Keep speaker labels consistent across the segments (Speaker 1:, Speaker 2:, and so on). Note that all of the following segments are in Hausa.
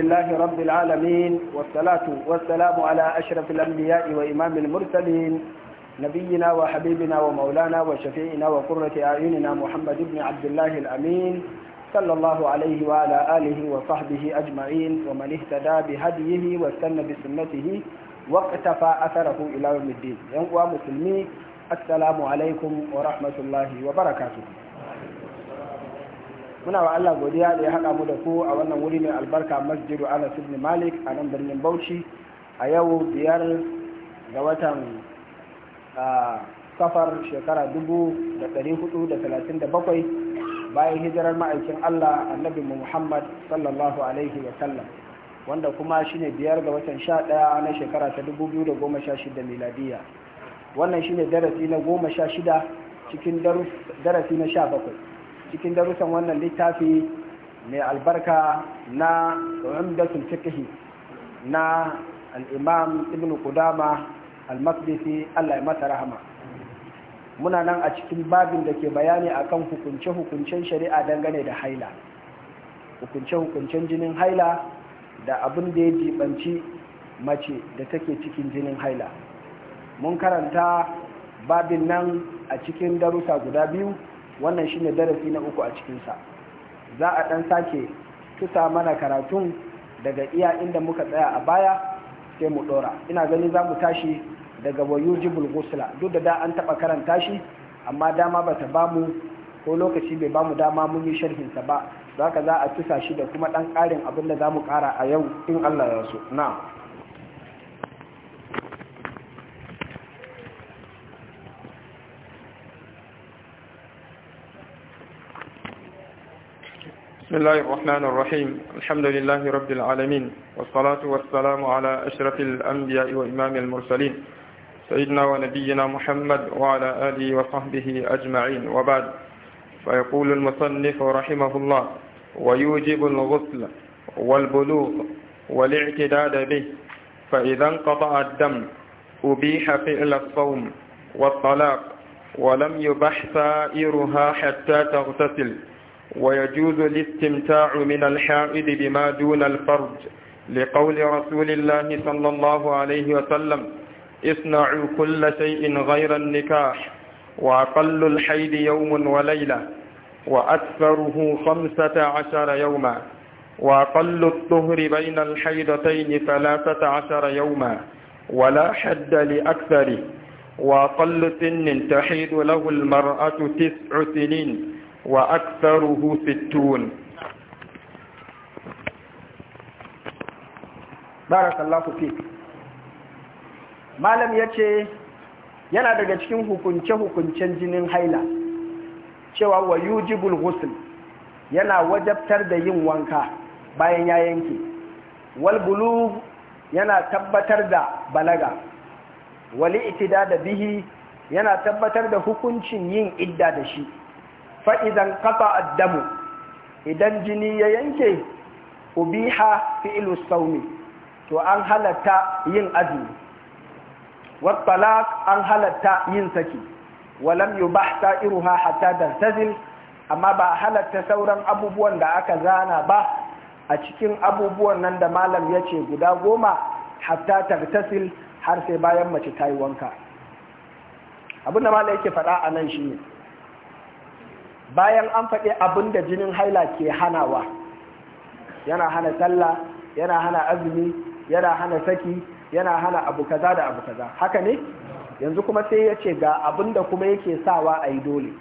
Speaker 1: لله رب العالمين والصلاة والسلام على أشرف الأنبياء وإمام المرسلين نبينا وحبيبنا ومولانا وشفيعنا وقرة أعيننا محمد بن عبد الله الأمين صلى الله عليه وعلى آله وصحبه أجمعين ومن اهتدى بهديه واستنى بسنته واقتفى أثره إلى يوم الدين ينقوى مسلمي السلام عليكم ورحمة الله وبركاته muna wa Allah godiya da ya haɗa mu da ku a wannan wuri mai albarka masjidu Anas ibn Malik a nan birnin Bauchi a yau biyar ga watan safar shekara dubu da ɗari hudu da talatin da bakwai bayan hijirar ma'aikin Allah annabi Muhammad sallallahu alaihi wa sallam wanda kuma shine biyar ga watan sha ɗaya na shekara ta dubu biyu da goma sha shida miladiya wannan shine darasi na goma sha shida cikin darasi na sha bakwai cikin darussan wannan littafi mai albarka na umdatul fiqh na al-imam ibn qudama al-maqdisi Allah ya masa rahama muna nan a cikin babin da ke bayani akan hukunce-hukuncen shari'a dangane da haila hukunce-hukuncen jinin haila da abin da ya jibanci mace da take cikin jinin haila mun karanta babin nan a cikin darussa guda biyu wannan shine darasi na uku a cikinsa za a ɗan sake tusa mana karatun daga iya inda muka tsaya a baya sai mu ɗora ina gani za mu tashi daga wayujibul ghusla duk da da an taɓa karanta shi amma dama ba ta bamu ko lokaci bai ba mu dama mun yi sharhinsa ba za ka za a tusa shi da kuma ɗan ƙarin abin da za mu ƙara a yau in allah ya so na'am
Speaker 2: بسم الله الرحمن الرحيم الحمد لله رب العالمين والصلاة والسلام على أشرف الأنبياء وإمام المرسلين سيدنا ونبينا محمد وعلى آله وصحبه أجمعين وبعد فيقول المصنف رحمه الله ويوجب الغسل والبلوغ والاعتداد به فإذا انقطع الدم أبيح فعل الصوم والطلاق ولم يبح سائرها حتى تغتسل ويجوز الاستمتاع من الحائض بما دون الفرج لقول رسول الله صلى الله عليه وسلم اصنعوا كل شيء غير النكاح وأقل الحيد يوم وليلة وأكثره خمسة عشر يوما وأقل الطهر بين الحيضتين ثلاثة عشر يوما ولا حد لأكثره وأقل سن تحيد له المرأة تسع سنين wa aktharuhu sittun
Speaker 1: barakallahu fi malam yace yana daga cikin hukunce hukuncen jinin haila cewa wa yujibul ghusl yana wajabtar da yin wanka bayan ya yanke wal bulugh yana tabbatar da balaga wali itida da bihi yana tabbatar da hukuncin yin idda da shi fa'idan kafa addamu idan jini ya yanke ubiha fi'ilu saumi to an halatta yin azumi wattalaq an halatta yin saki walam yubah iruha hatta tazil amma ba halatta sauran abubuwan da aka zana ba a cikin abubuwan nan da malam ya ce guda goma hatta tartasil har sai bayan mace ta yi wanka abinda malam yake faɗa a nan shine bayan an faɗi abin da jinin haila ke hanawa yana hana sallah yana hana azumi yana hana saki yana hana abu kaza da abu kaza haka ne yanzu kuma sai ya ce ga abin da kuma yake sawa a yi dole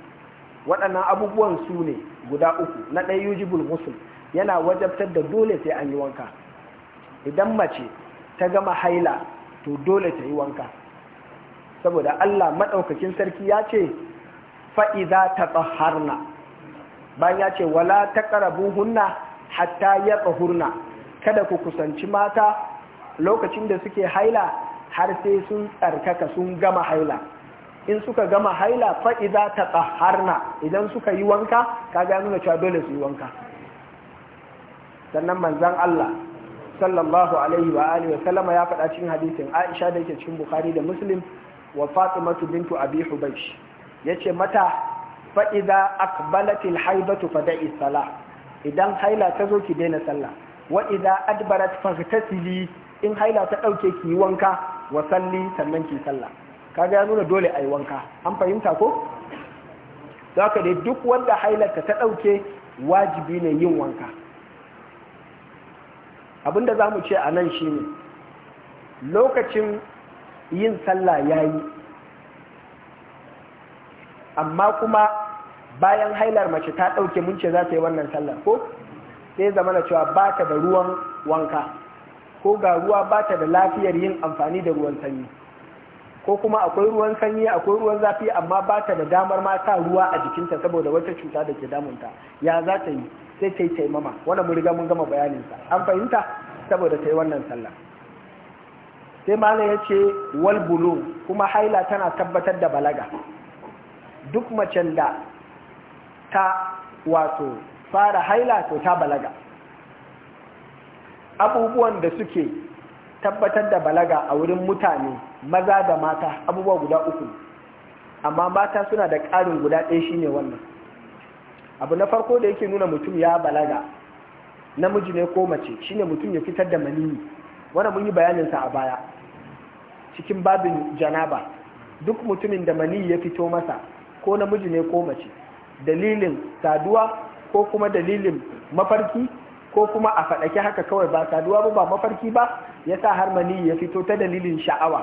Speaker 1: waɗannan abubuwan su ne guda uku na ɗaya yuji musul yana wajabtar da dole sai an yi wanka idan mace ta gama haila to dole ta yi wanka saboda Allah maɗaukakin sarki ya ce fa'iza ta tsaharna bayan ya ce wala ta ƙarabu hunna hatta ya tsahurna kada ku kusanci mata lokacin da suke haila har sai sun tsarkaka sun gama haila in suka gama haila fa'iza ta tsaharna idan suka yi wanka ka gani na cewa dole su yi wanka sannan manzan Allah sallallahu alaihi wa alihi wa sallama ya faɗa cikin hadisin Aisha da yake cikin Bukhari da Muslim wa Fatimatu bintu Abi Hubaysh yace mata fa idza aqbalatil haibatu fada'i salah idan haila ta zo ki daina sallah wa idza adbarat faghtasili in haila ta ɗauke ki wanka wa salli sannan ki sallah kaga ya nuna dole ai wanka an fahimta ko ka dai duk wanda hailarta ta ɗauke wajibi ne yin wanka abinda mu ce a nan shine lokacin yin sallah yayi amma kuma bayan hailar mace ta ɗauke mun ce za ta yi wannan sallar ko sai zama na cewa ba ta da ruwan wanka ko ga ruwa ba ta da lafiyar yin amfani da ruwan sanyi ko kuma akwai ruwan sanyi akwai ruwan zafi amma ba ta da damar ma ta ruwa a jikinta saboda wata cuta da ke damunta ya za ta yi sai ta yi taimama wannan mun riga mun gama bayaninsa an fahimta saboda ta yi wannan sallar sai malam ya ce wal bulu kuma haila tana tabbatar da balaga duk macen da ta wato fara haila to ta balaga abubuwan da suke tabbatar da balaga a wurin mutane maza da mata abubuwa guda uku amma mata suna da ƙarin guda ɗaya shine wannan abu na farko da yake nuna mutum ya balaga namiji ne ko mace shine mutum ya fitar da maniyi Wannan mun yi bayaninsa a baya cikin babin janaba duk mutumin da maniyi ya fito masa ko namiji ne ko mace dalilin saduwa ko kuma dalilin mafarki ko kuma a faɗake haka kawai ba saduwa ba ba mafarki ba ya sa har mani ya fito ta dalilin sha'awa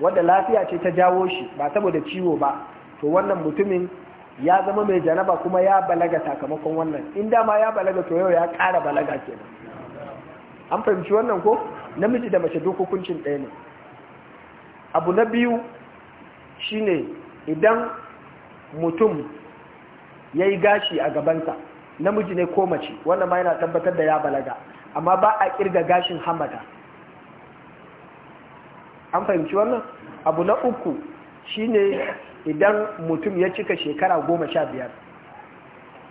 Speaker 1: wadda lafiya ce ta jawo shi ba saboda ciwo ba to wannan mutumin ya zama mai janaba kuma ya balaga sakamakon wannan in dama ya balaga to yau ya kara balaga kenan an fahimci wannan ko namiji da mace duk hukuncin ɗaya ne abu na biyu shine idan mutum ya yi gashi a gabansa namiji ne ko mace wannan ma yana tabbatar da ya balaga amma ba a kirga gashin hamada an fahimci wannan abu na uku shine idan mutum ya cika shekara goma sha biyar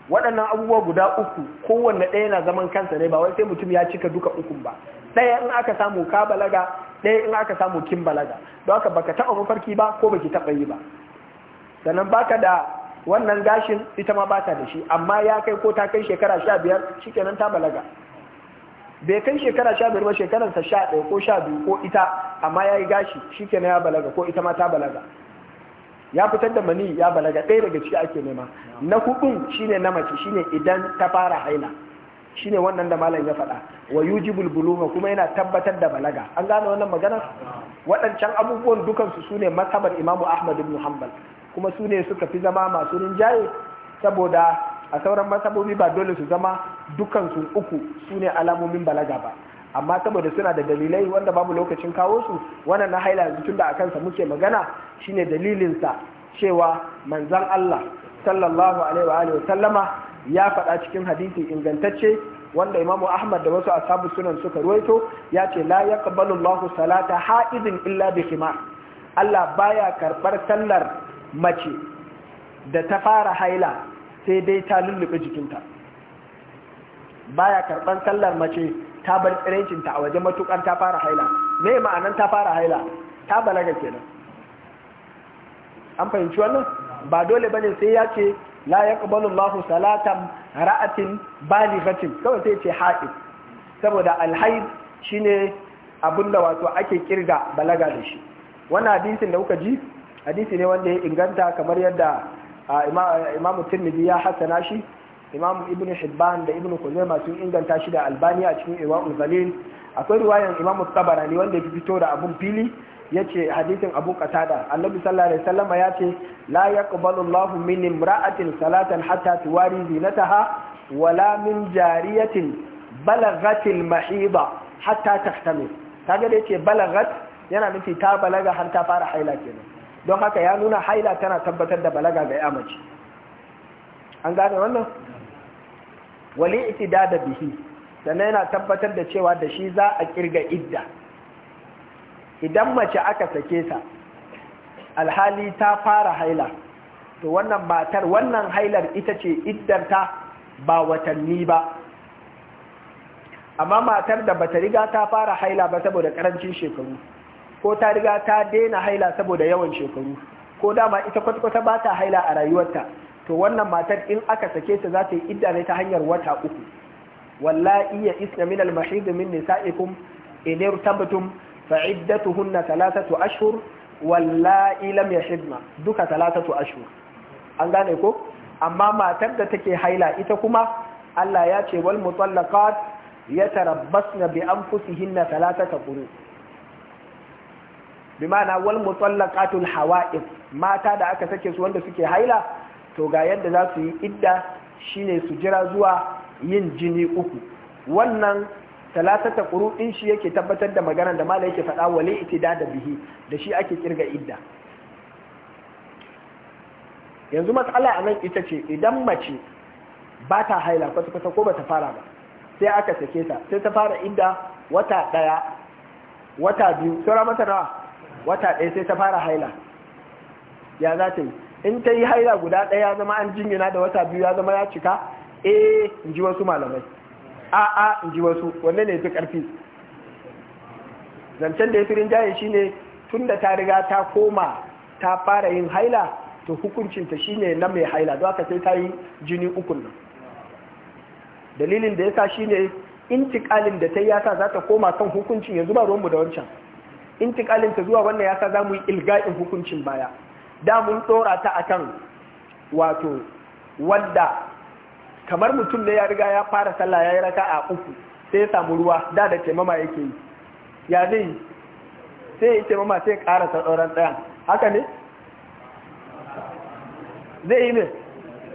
Speaker 1: waɗannan abubuwa guda uku kowanne ɗaya na zaman kansa ne ba wai sai mutum ya cika duka ukun ba ɗaya in aka samu ka balaga ɗaya in aka samu kin balaga don haka baka taɓa mafarki ba ko baki taɓa yi ba sannan baka da wannan gashin ita ma bata da shi amma ya kai ko ta kai shekara sha biyar shikenan ta balaga bai kai shekara sha biyar ba shekararsa sha ɗaya ko sha biyu ko ita amma ya yi gashi shikenan ya balaga ko ita ma ta balaga ya fitar da mani ya balaga ɗaya daga ciki ake nema na hudun shine na mace shine idan ta fara haila shine wannan da malam ya faɗa wa yujibul ma kuma yana tabbatar da balaga an gane wannan magana waɗancan abubuwan dukansu sune mazhabar imamu ahmad ibn hanbal kuma su ne suka fi zama masu rinjaye saboda a sauran masabobi ba dole su zama dukansu uku su ne alamomin balaga ba amma saboda suna da dalilai wanda babu lokacin kawo su wannan na haila tun da a kansa muke magana shine dalilin sa cewa manzon Allah sallallahu alaihi wa alihi sallama ya faɗa cikin hadisi ingantacce wanda imamu ahmad da wasu ashabu sunan suka ruwaito ya ce la yaqbalu Allahu salata ha'idin illa bi khimar Allah baya karbar sallar mace da ta fara haila sai dai ta lullube jikinta baya karɓar sallar mace ta bar tsirancinta a waje matuƙar ta fara haila me ma'anan ta fara haila ta balaga kenan an fahimci wannan ba dole bane sai ya ce la yaqbalu Allahu salatan ra'atin balighatin kawai sai ce haid saboda alhaid shine abinda wato ake kirga balaga da shi wannan hadisin da kuka ji hadisi ne wanda ya inganta kamar yadda imamu tirmidhi ya hassana shi imamu ibn hibban da ibn kuzaima masu inganta shi da albani a cikin iwa'ul zalil akwai riwayan imamu tabarani wanda ya fito da abun fili yace hadisin abu qatada annabi sallallahu alaihi wasallam ya ce la yaqbalu allah min imra'atin salatan hatta tuwari zinataha wala min jariyatin balagatil mahida hatta tahtamil kaga da yace balagat yana nufi ta balaga har ta fara haila kenan don haka ya nuna haila tana tabbatar da balaga ga ya mace an gane wannan wali itida da bihi sannan yana tabbatar da cewa da shi za a kirga idda idan mace aka sake sa, alhali ta fara haila to wannan matar wannan hailar ita ce iddarta ba watanni ba amma matar da bata riga ta fara haila ba saboda karancin shekaru ko ta riga ta daina haila saboda yawan shekaru ko dama ita kwata-kwata ba ta haila a rayuwarta to wannan matar in aka sake ta za ta yi idda ne ta hanyar wata uku wallahi ya isna min al-mahid min nisa'ikum in irtabtum fa iddatuhunna thalathatu ashhur wallahi lam yahidna duka thalathatu ashhur an gane ko amma matar da take haila ita kuma Allah ya ce wal mutallaqat yatarabbasna bi anfusihinna thalathata quru bi ma'ana wal mutallaqatul hawa'id mata da aka sake su wanda suke haila to ga yadda za su yi idda shine su jira zuwa yin jini uku wannan talatata quru ɗin shi yake tabbatar da magana da mala yake faɗa wali itida da bihi da shi ake kirga idda yanzu matsala a nan ita ce idan mace ba ta haila kwata-kwata ko ba ta fara ba sai aka sake ta sai ta fara idda wata ɗaya wata biyu saura mata nawa wata ɗaya sai ta fara haila ya za ta yi in ta yi haila guda ɗaya ya zama an jingina da wata biyu ya zama ya cika eh in ji wasu malamai a a in ji wasu wanne ne fi ƙarfi zancen da ya firin shi shine tun da ta riga ta koma ta fara yin haila to hukuncinta shine na mai haila don haka sai ta yi jini ukun nan dalilin da ya sa shi ne intikalin da ta yi ya sa za ta koma kan hukuncin yanzu ba ruwanmu da wancan intikalin ta zuwa wannan yasa za mu yi ilga'in hukuncin baya da mun tsora ta kan wato wadda kamar mutum ne ya riga ya fara sallah ya yi raka a uku sai ya samu ruwa da da taimama yake yi ya zai sai ya taimama sai ya ƙara sauran tsayan haka ne zai yi ne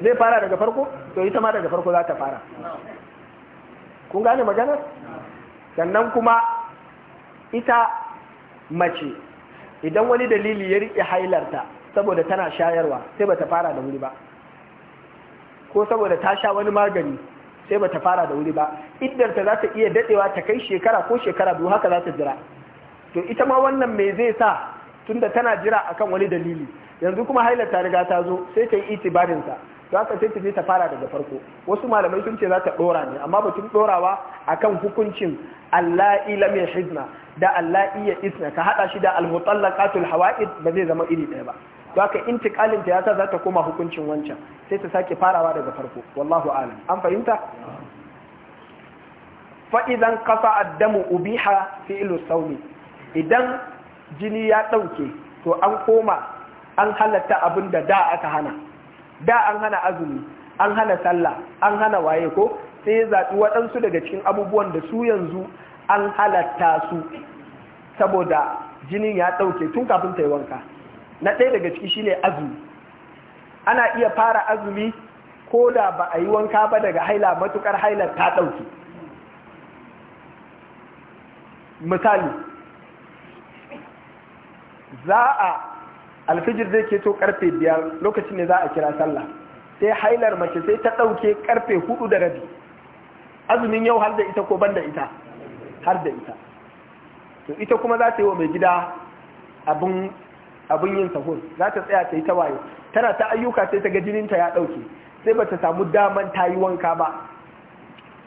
Speaker 1: zai fara daga farko to ita ma daga farko za ta fara kun gane maganar sannan kuma ita mace idan wani dalili ya riƙe hailarta saboda tana shayarwa sai bata fara da wuri ba ko saboda ta sha wani magani sai bata fara da wuri ba iddarta za ta iya daɗewa ta kai shekara ko shekara biyu haka za ta jira to ita ma wannan mai zai sa tunda tana jira akan wani dalili yanzu kuma hailarta riga ta zo sai ta yi itibarinsa to haka ta je ta fara daga farko wasu malamai sun ce za ta ɗora ne amma batun a kan hukuncin alla'i mai hizna da alla'i ya isna ka haɗa shi da al hawa hawa'id ba zai zama iri ɗaya ba to haka intiqalin ta yasa za ta koma hukuncin wancan sai ta sake farawa daga farko wallahu a'lam an fahimta fa idan qasa ad-damu ubiha fi'lu sawmi idan jini ya ɗauke to an koma an halatta abin da da aka hana da an hana azumi an hana sallah an hana waye ko sai ya zaɓi waɗansu daga cikin abubuwan da su yanzu an halatta su saboda jinin ya ɗauke tun kafin ta yi wanka na ɗaya daga ciki shi ne azumi ana iya fara azumi ko da ba a yi wanka ba daga haila matukar haila ta ɗauke misali za a alfijir zai keto karfe biyar lokacin ne za a kira sallah sai hailar mace sai ta ɗauke karfe hudu da rabi azumin yau har da ita ko ban da ita har da ita to ita kuma za ta yi wa mai gida abin yin sahur za ta tsaya ta yi ta waye tana ta ayyuka sai ta ga jininta ya ɗauke sai ba ta samu daman ta yi wanka ba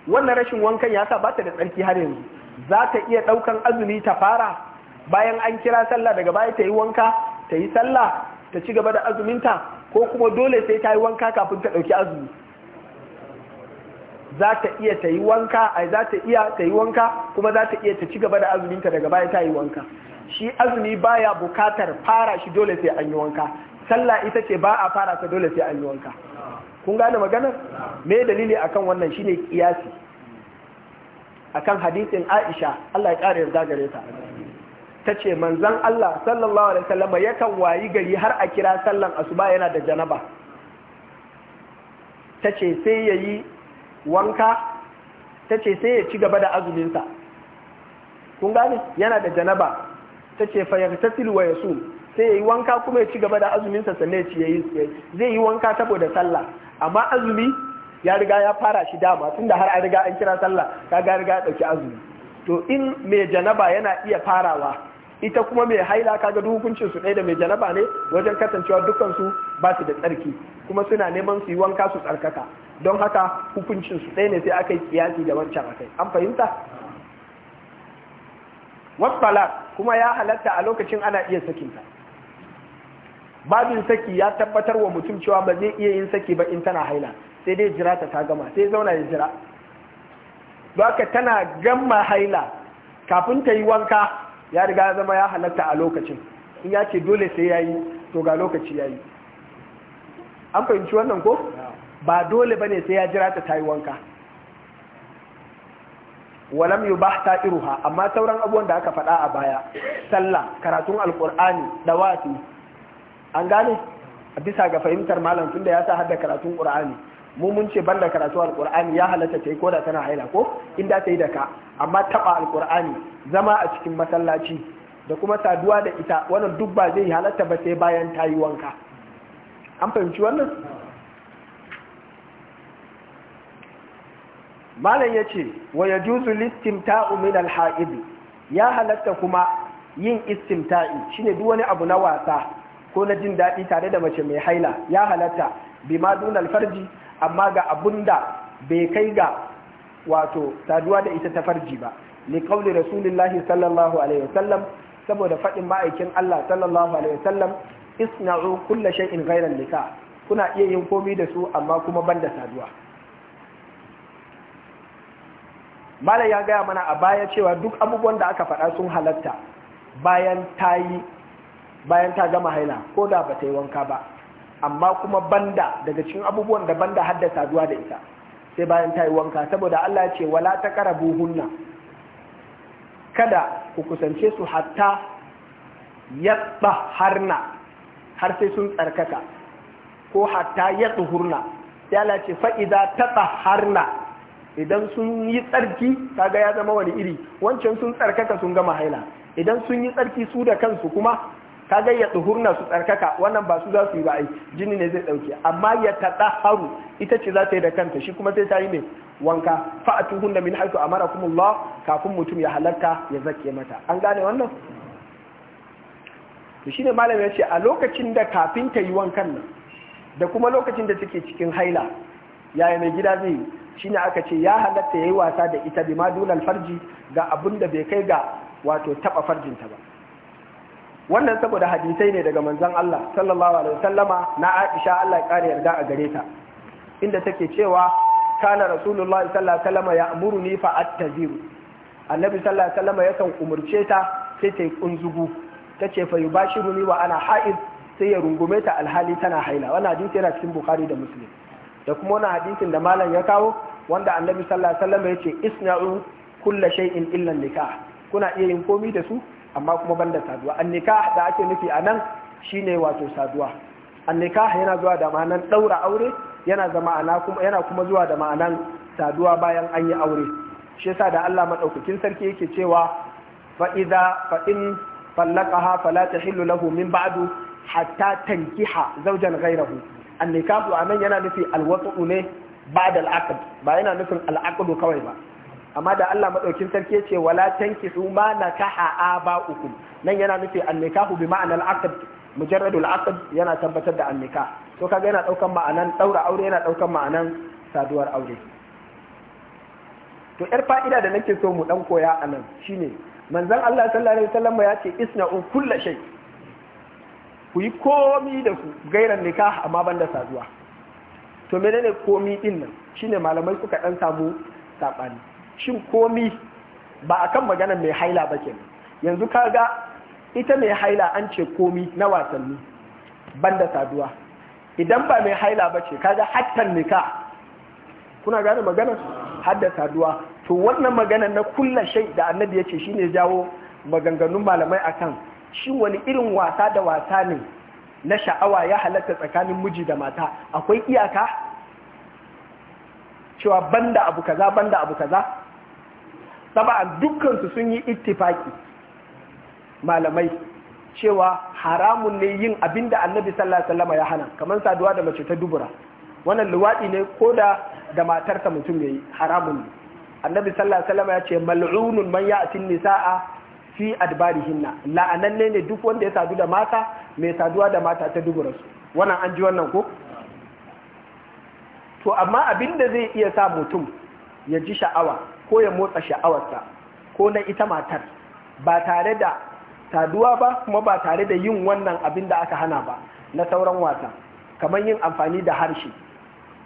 Speaker 1: wannan rashin wankan ya sa ba ta da tsarki har yanzu za ta iya ɗaukan azumi ta fara bayan an kira sallah daga baya ta yi wanka ta yi sallah ta ci gaba da azuminta ko kuma dole sai ta yi wanka kafin ta ɗauki azumi za ta iya ta yi wanka ai za ta iya ta yi wanka kuma za ta iya ta ci gaba da azuminta daga baya ta yi wanka shi azumi baya bukatar fara shi dole sai an yi wanka sallah ita ce ba a fara ta dole sai an yi wanka kun gane maganar me dalili akan wannan shine kiyasi akan hadisin Aisha Allah ya kare yarda gare ta ta ce manzan Allah sallallahu alaihi wasallam yakan wayi gari har a kira sallan asuba yana da janaba ta ce sai ya yi wanka ta ce sai ya ci gaba da azuminsa kun gane yana da janaba ta ce fayyarta silwa ya su sai ya yi wanka kuma ya ci gaba da azuminsa sannan ya ci ya yi zai yi wanka saboda sallah amma azumi ya riga ya fara shi dama tunda har a riga an kira sallah ka ga riga ya ɗauki azumi to in mai janaba yana iya farawa ita kuma mai haila kaga duk hukuncin su da mai janaba ne wajen kasancewa dukkan su ba su da tsarki kuma suna neman su yi wanka su tsarkaka don haka hukuncin su ne sai aka yi kiyasi da wancan akai an fahimta wasfala kuma ya halatta a lokacin ana iya sakinta babin saki ya tabbatar wa mutum cewa ba zai iya yin saki ba in tana haila sai dai jira ta gama sai zauna ya jira ba tana gama haila kafin ta yi wanka ya riga ya zama ya halatta a lokacin in ya ce dole sai ya yi to ga lokaci ya yi an fahimci wannan ko ba dole ba ne sai ya jira ta tayi wanka walam yi ba ta iruha amma sauran abubuwan da aka faɗa a baya sallah karatun alkur'ani da wasu an gane a bisa ga fahimtar malam tun da ya sa hada karatun ƙur'ani mu mun ce banda karatu alqur'ani ya halatta ta yi koda tana haila ko in da ta yi da ka amma taba alqur'ani zama a cikin masallaci da kuma saduwa da ita wannan duk ba zai halatta ba sai bayan ta yi wanka an fahimci wannan malam ya ce wa ya juzu listimta'u min alha'idi ya halatta kuma yin istimta'i shine duk wani abu na wasa ko na jin daɗi tare da mace mai haila ya halatta bima dunal farji. amma ga abun da bai kai ga wato saduwa da ita ta farji ba li qawli rasulillahi sallallahu alaihi wasallam saboda fadin ma'aikin Allah sallallahu alaihi wasallam isna'u kulla shay'in ghayra nika kuna iya yin komai da su amma kuma banda saduwa malam ya gaya mana a baya cewa duk abubuwan da aka faɗa sun halatta bayan ta yi bayan ta gama haila ko da ba ta yi wanka ba amma kuma banda daga cikin abubuwan da banda hadda saduwa da ita sai bayan ta yi wanka saboda Allah ya ce wala ta karabu hunna kada ku kusance su hatta yatsa harna har sai sun tsarkaka ko hatta yatsa hurna sai Allah ce fa'ida ta harna idan sun yi tsarki kaga ya zama wani iri wancan sun tsarkaka sun gama haila idan sun yi tsarki su da kansu kuma Ka ya tsuhurna su tsarkaka wannan ba su za su yi ba ai jini ne zai dauke amma ya haru, ita ce za ta yi da kanta shi kuma sai ta yi mai wanka Fa fa'atuhunna min haythu amarakumullah kafin mutum ya halarta ya zake mata an gane wannan to shine malam ya ce a lokacin da kafin ta yi wankan nan da kuma lokacin da take cikin haila yaya mai gida zai yi shine aka ce ya halatta yi wasa da ita bima dunal farji ga abin da bai kai ga wato taba farjinta ba wannan saboda hadisai ne daga manzon Allah sallallahu alaihi wasallama na Aisha Allah ya kare yarda a gare ta inda take cewa kana rasulullahi sallallahu alaihi wasallama ya'muruni fa attaziru annabi sallallahu alaihi wasallama yakan umurce ta sai ta yi kunzugu tace fa yubashiruni wa ana ha'id sai ya rungume ta alhali tana haila wannan hadisi yana cikin Bukhari da Muslim da kuma wani hadisin da malam ya kawo wanda annabi sallallahu alaihi wasallama yace isna'u kulla shay'in illa nikah kuna iya yin komi da su amma kuma ban da saduwa an nikah da ake nufi a nan ne wato saduwa an nikah yana zuwa da ma'anan ɗaura aure yana kuma zuwa da ma'anan saduwa bayan an yi aure shi yasa da Allah madaukakin sarki yake cewa fa idza fa in fallaqaha fala tahillu lahu min ba'du hatta tankiha zawjan ghayrahu an nikahu anan yana nufi alwatu ne ba'da al'aqd ba yana nufin al'aqd kawai ba amma da Allah madaukin sarki ya ce wala tankihu ma nakaha uku. nan yana nufi annikahu bi ma'anal aqd mujarradul aqd yana tabbatar da annika to kaga yana daukan ma'anan daura aure yana daukan ma'anan saduwar aure to yar fa'ida da nake so mu dan koya anan shine manzon Allah sallallahu alaihi wasallam ya ce isna'u kullu shay ku yi komi da ku gairan nikah amma banda saduwa to menene komi din nan shine malamai suka dan samu sabani shin komi ba a kan magana mai haila ba ke yanzu kaga ita mai haila an ce komi na wasanni banda saduwa idan ba mai haila ba ce kaga hattan nika kuna gane magana hadda saduwa to wannan magana na kulla shai da annabi ya ce shi ne jawo maganganun malamai akan shi wani irin wasa da wasa ne na sha'awa ya halatta tsakanin miji da mata akwai iyaka cewa banda abu kaza banda abu kaza saba'an dukkansu sun yi ittifaki malamai cewa haramun ne yin abin da annabi sallallahu alaihi wasallam ya hana kamar saduwa da mace ta dubura wannan luwaɗi ne ko da da matarsa mutum yayi haramun ne annabi sallallahu alaihi wasallam ya ce mal'unun man ya'ti nisaa fi adbarihinna la'ananne ne duk wanda ya sadu da mata mai saduwa da mata ta dubura su wannan an ji wannan ko to amma abin da zai iya sa mutum ya ji sha'awa ko ya motsa sha'awarsa ko na ita matar ba tare da saduwa ba kuma ba tare da yin wannan abin da aka hana ba na sauran wasa kamar yin amfani da harshe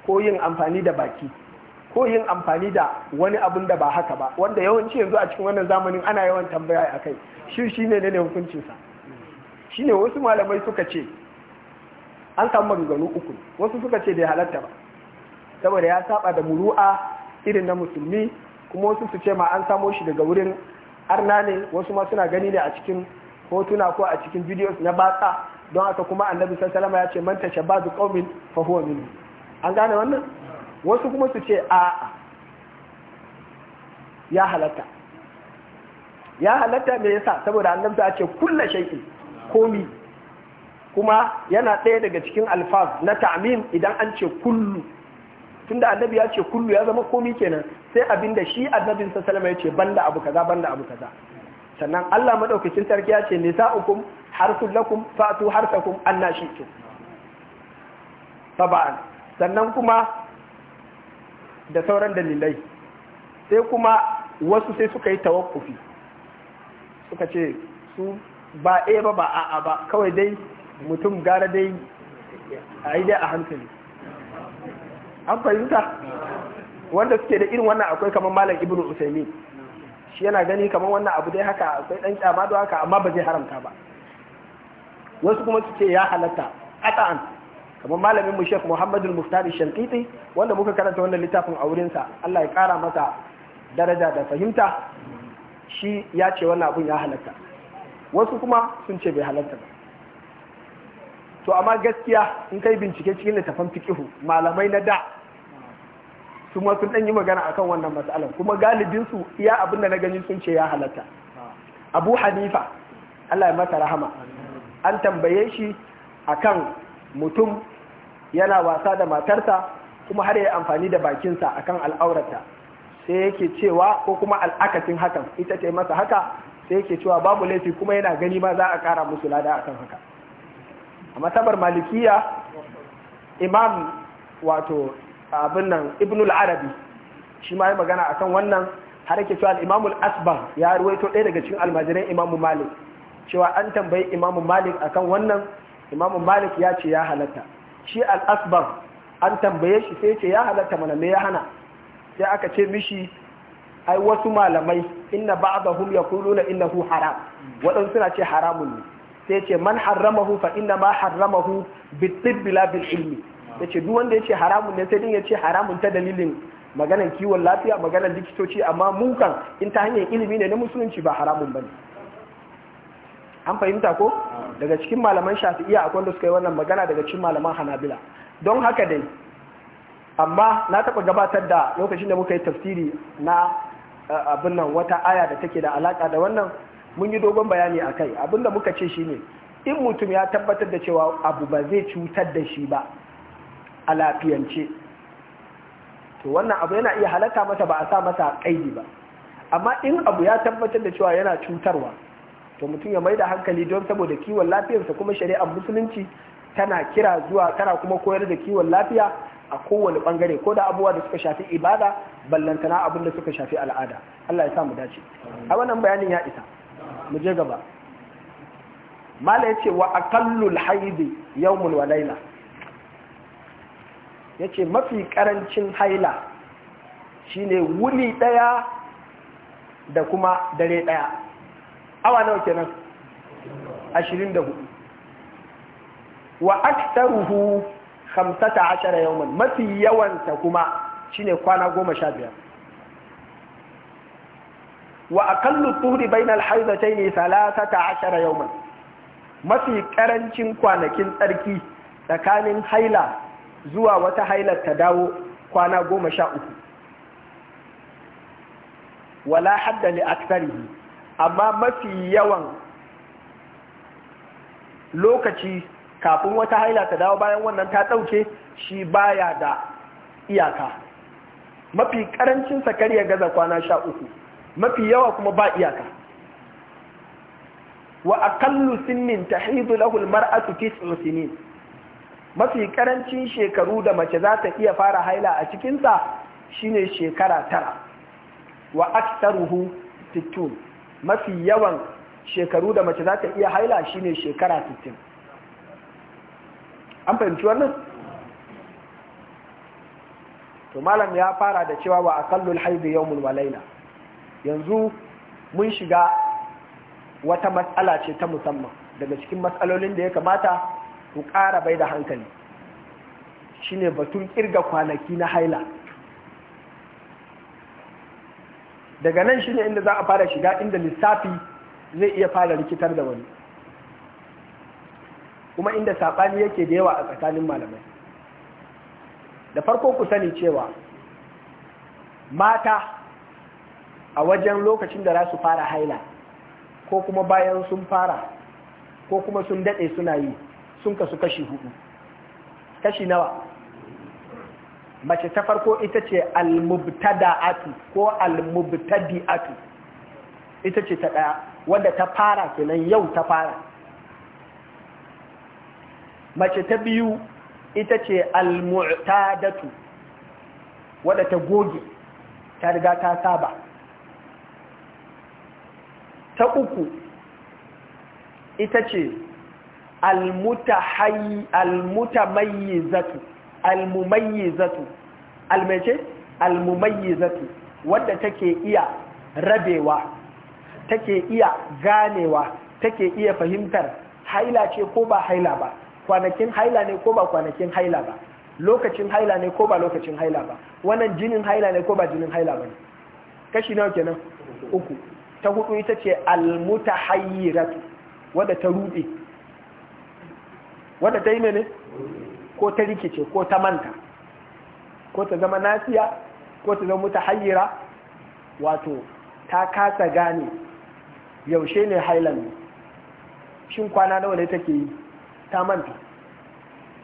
Speaker 1: ko yin amfani da baki ko yin amfani da wani abin da ba haka ba wanda yawanci yanzu a cikin wannan zamanin ana yawan tambaya a kai shi shi ne ne hukuncinsa shi ne wasu malamai suka ce an samu maganganu uku wasu suka ce bai halatta ba saboda ya saba da muru'a irin na musulmi kuma wasu su ce ma an samo shi daga wurin arna ne wasu ma suna gani ne a cikin hotuna ko a cikin videos na batsa don haka kuma annabi sallallahu ya ce man tashabbadu qaumin fa huwa minhu an gane wannan wasu kuma su ce a ya halatta ya halatta me yasa saboda annabi ya ce kullu shaiki komi kuma yana ɗaya daga cikin alfaz na ta'amin idan an ce kullu tunda annabi ya ce kullu ya zama komi kenan sai abin da shi annabin sa salama ya ce banda abu kaza banda abu kaza sannan Allah madaukakin sarki ya ce nisa'ukum harsul lakum fa'tu harsakum anna shi'tum taba'an sannan kuma da sauran dalilai sai kuma wasu sai suka yi tawakkufi suka ce su ba a ba ba a'a ba kawai dai mutum gara dai a yi dai a hankali an fahimta wanda suke da irin wannan akwai kamar malam ibnu Usaini, shi yana gani kamar wannan abu dai haka akwai dan kyama da haka amma ba zai haramta ba wasu kuma suke ya halatta ata'an kamar malamin mu Sheikh Muhammadul Muftar Shankiti wanda muka karanta wannan littafin a wurinsa, sa Allah ya kara masa daraja da fahimta shi ya ce wannan abun ya halatta wasu kuma sun ce bai halatta ba to amma gaskiya in kai bincike cikin littafin fikihu malamai na da su ma sun yi magana akan wannan matsalar kuma galibin su iya abinda na gani sun ce ya halatta abu hanifa Allah ya masa rahama an tambaye shi akan mutum yana wasa da matarsa kuma har ya amfani da bakin sa akan al'aurata sai yake cewa ko kuma al'akatin hakan ita ce masa haka sai yake cewa babu laifi kuma yana gani ma za a kara musu lada akan haka a matabar malikiya imam wato abin nan ibn al-arabi shi ma ya magana kan wannan har yake cewa al-imam al-asbah ya ruwaito ɗaya daga cikin almajiran imam malik cewa an tambayi imam malik akan wannan imam malik ya ce ya halatta shi al-asbah an tambaye shi sai ce ya halatta mana me ya hana sai aka ce mishi ai wasu malamai inna ba'dahum yaquluna innahu haram wadan suna ce haramun ne sai ce man harramahu fa inna ma harramahu bit tibbi la bil ilmi yace duk wanda ce haramun ne sai din ya ce haramun ta dalilin maganan kiwon lafiya maganan likitoci amma mukan in ta hanyar ilimi ne na musulunci ba haramun ba ne. an fahimta ko daga cikin malaman shafi'iya akwai da suka yi wannan magana daga cikin malaman hanabila don haka dai amma na taɓa gabatar da lokacin da muka yi tafsiri na eh, abin nan wata aya da take da alaƙa da wannan mun yi dogon bayani a kai abin da muka ce shine in mutum ya tabbatar da cewa abu ba zai cutar da shi ba a lafiyance to wannan abu yana iya halatta masa ba a sa masa kaidi ba amma in abu ya tabbatar da cewa yana cutarwa to mutum ya mai da hankali don saboda kiwon lafiyarsa kuma shari'ar musulunci tana kira zuwa tana kuma koyar da kiwon lafiya a kowane bangare ko da abubuwa da suka shafi ibada ballantana abin da suka shafi al'ada Allah ya sa mu dace a wannan bayanin ya isa mu je gaba mala ce wa aqallul haidi yawmun wa laila yace mafi karancin haila shine wuli daya da kuma dare daya awa nawa kenan 24 wa ashirin 15 yawman mafi yawanta kuma shine kwana 15 wa aqallu tuhri bayna al ashirin 13 yawman mafi karancin kwanakin tsarki tsakanin haila zuwa wata hailar ta dawo kwana goma sha uku wala hadda li aksarihi amma mafi yawan lokaci kafin wata haila ta dawo bayan wannan ta ɗauke shi baya da iyaka mafi ƙarancin sakari ya gaza kwana sha uku mafi yawa kuma ba iyaka wa akallu sinnin ta haidu lahul mar'atu tis'u sinin mafi karancin shekaru da mace za ta iya fara haila a cikinsa shine shekara tara wa aktaruhu tittun mafi yawan shekaru da mace za ta iya haila shine shekara tittin an fahimci wannan to malam ya fara da cewa wa akallul haid yawmun wa yanzu mun shiga wata matsala ce ta musamman daga cikin matsalolin da ya kamata ku ƙara bai da hankali shi ne batun ƙirga kwanaki na haila daga nan shi ne inda za a fara shiga inda lissafi zai iya fara rikitar da wani kuma inda saɓani yake da yawa a tsakanin malamai da farko ku sani cewa mata a wajen lokacin da za su fara haila ko kuma bayan sun fara ko kuma sun daɗe suna yi sun kasu kashi hudu kashi nawa mace ta farko ita ce almubtada'atu ko almubtadi'atu ita ce ta ɗaya wadda ta fara kenan yau ta fara mace ta biyu ita ce almu'tadatu wadda ta goge ta riga ta saba ta uku ita ce zatu, almutamayyizatu almumayyizatu almece zatu, wadda take iya rabewa take iya ganewa take iya fahimtar haila ce ko ba haila ba kwanakin haila ne ko ba kwanakin haila ba lokacin haila ne ko ba lokacin haila ba wannan jinin haila ne ko ba jinin haila ba ne kashi nawa kenan uku ta hudu ita ce almutahayyiratu wadda ta rube wadda ta yi mene ko ta rikice ko ta manta ko ta zama nasiya ko ta zama ta hayyira wato ta kasa gane yaushe ne hailan shin kwana nawa ne take yi ta manta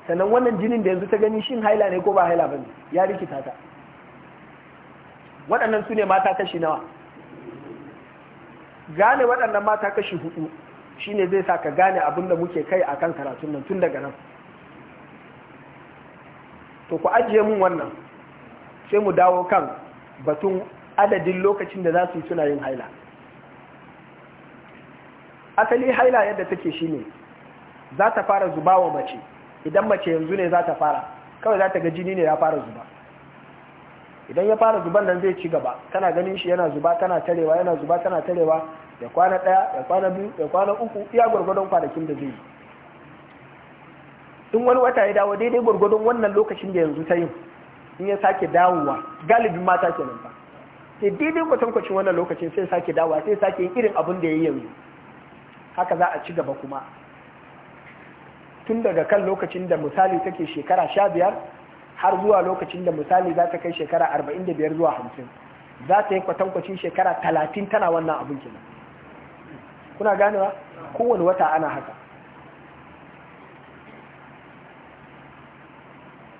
Speaker 1: sannan wannan jinin da yanzu ta gani shin haila ne ko ba haila ba ne ya rikita ta waɗannan su ne mata kashi nawa gane waɗannan mata kashi hudu shi ne zai sa ka gane abin da muke kai akan karatun nan tun daga nan to ku ajiye mun wannan sai mu dawo kan batun adadin lokacin da za su yi suna yin haila asali haila yadda take ne, za ta fara zuba wa mace idan mace yanzu ne za ta fara kawai za ta ga jini ne ya fara zuba idan ya fara zuban nan zai ci gaba kana ganin shi yana zuba tana tarewa yana zuba tana tarewa ya kwana ɗaya ya kwana biyu ya kwana uku iya gwargwadon kwanakin da zai yi in wani wata ya dawo daidai gwargwadon wannan lokacin da yanzu ta yin in ya sake dawowa galibin mata nan ba sai daidai kwatankwacin wannan lokacin sai sake dawowa sai sake yin irin abin da ya yi yanzu haka za a ci gaba kuma tun daga kan lokacin da misali take shekara sha biyar har zuwa lokacin da misali za ta kai shekara arba'in da biyar zuwa hamsin za ta yi kwatankwacin shekara talatin tana wannan abin kenan kuna ganewa kowane wata ana haka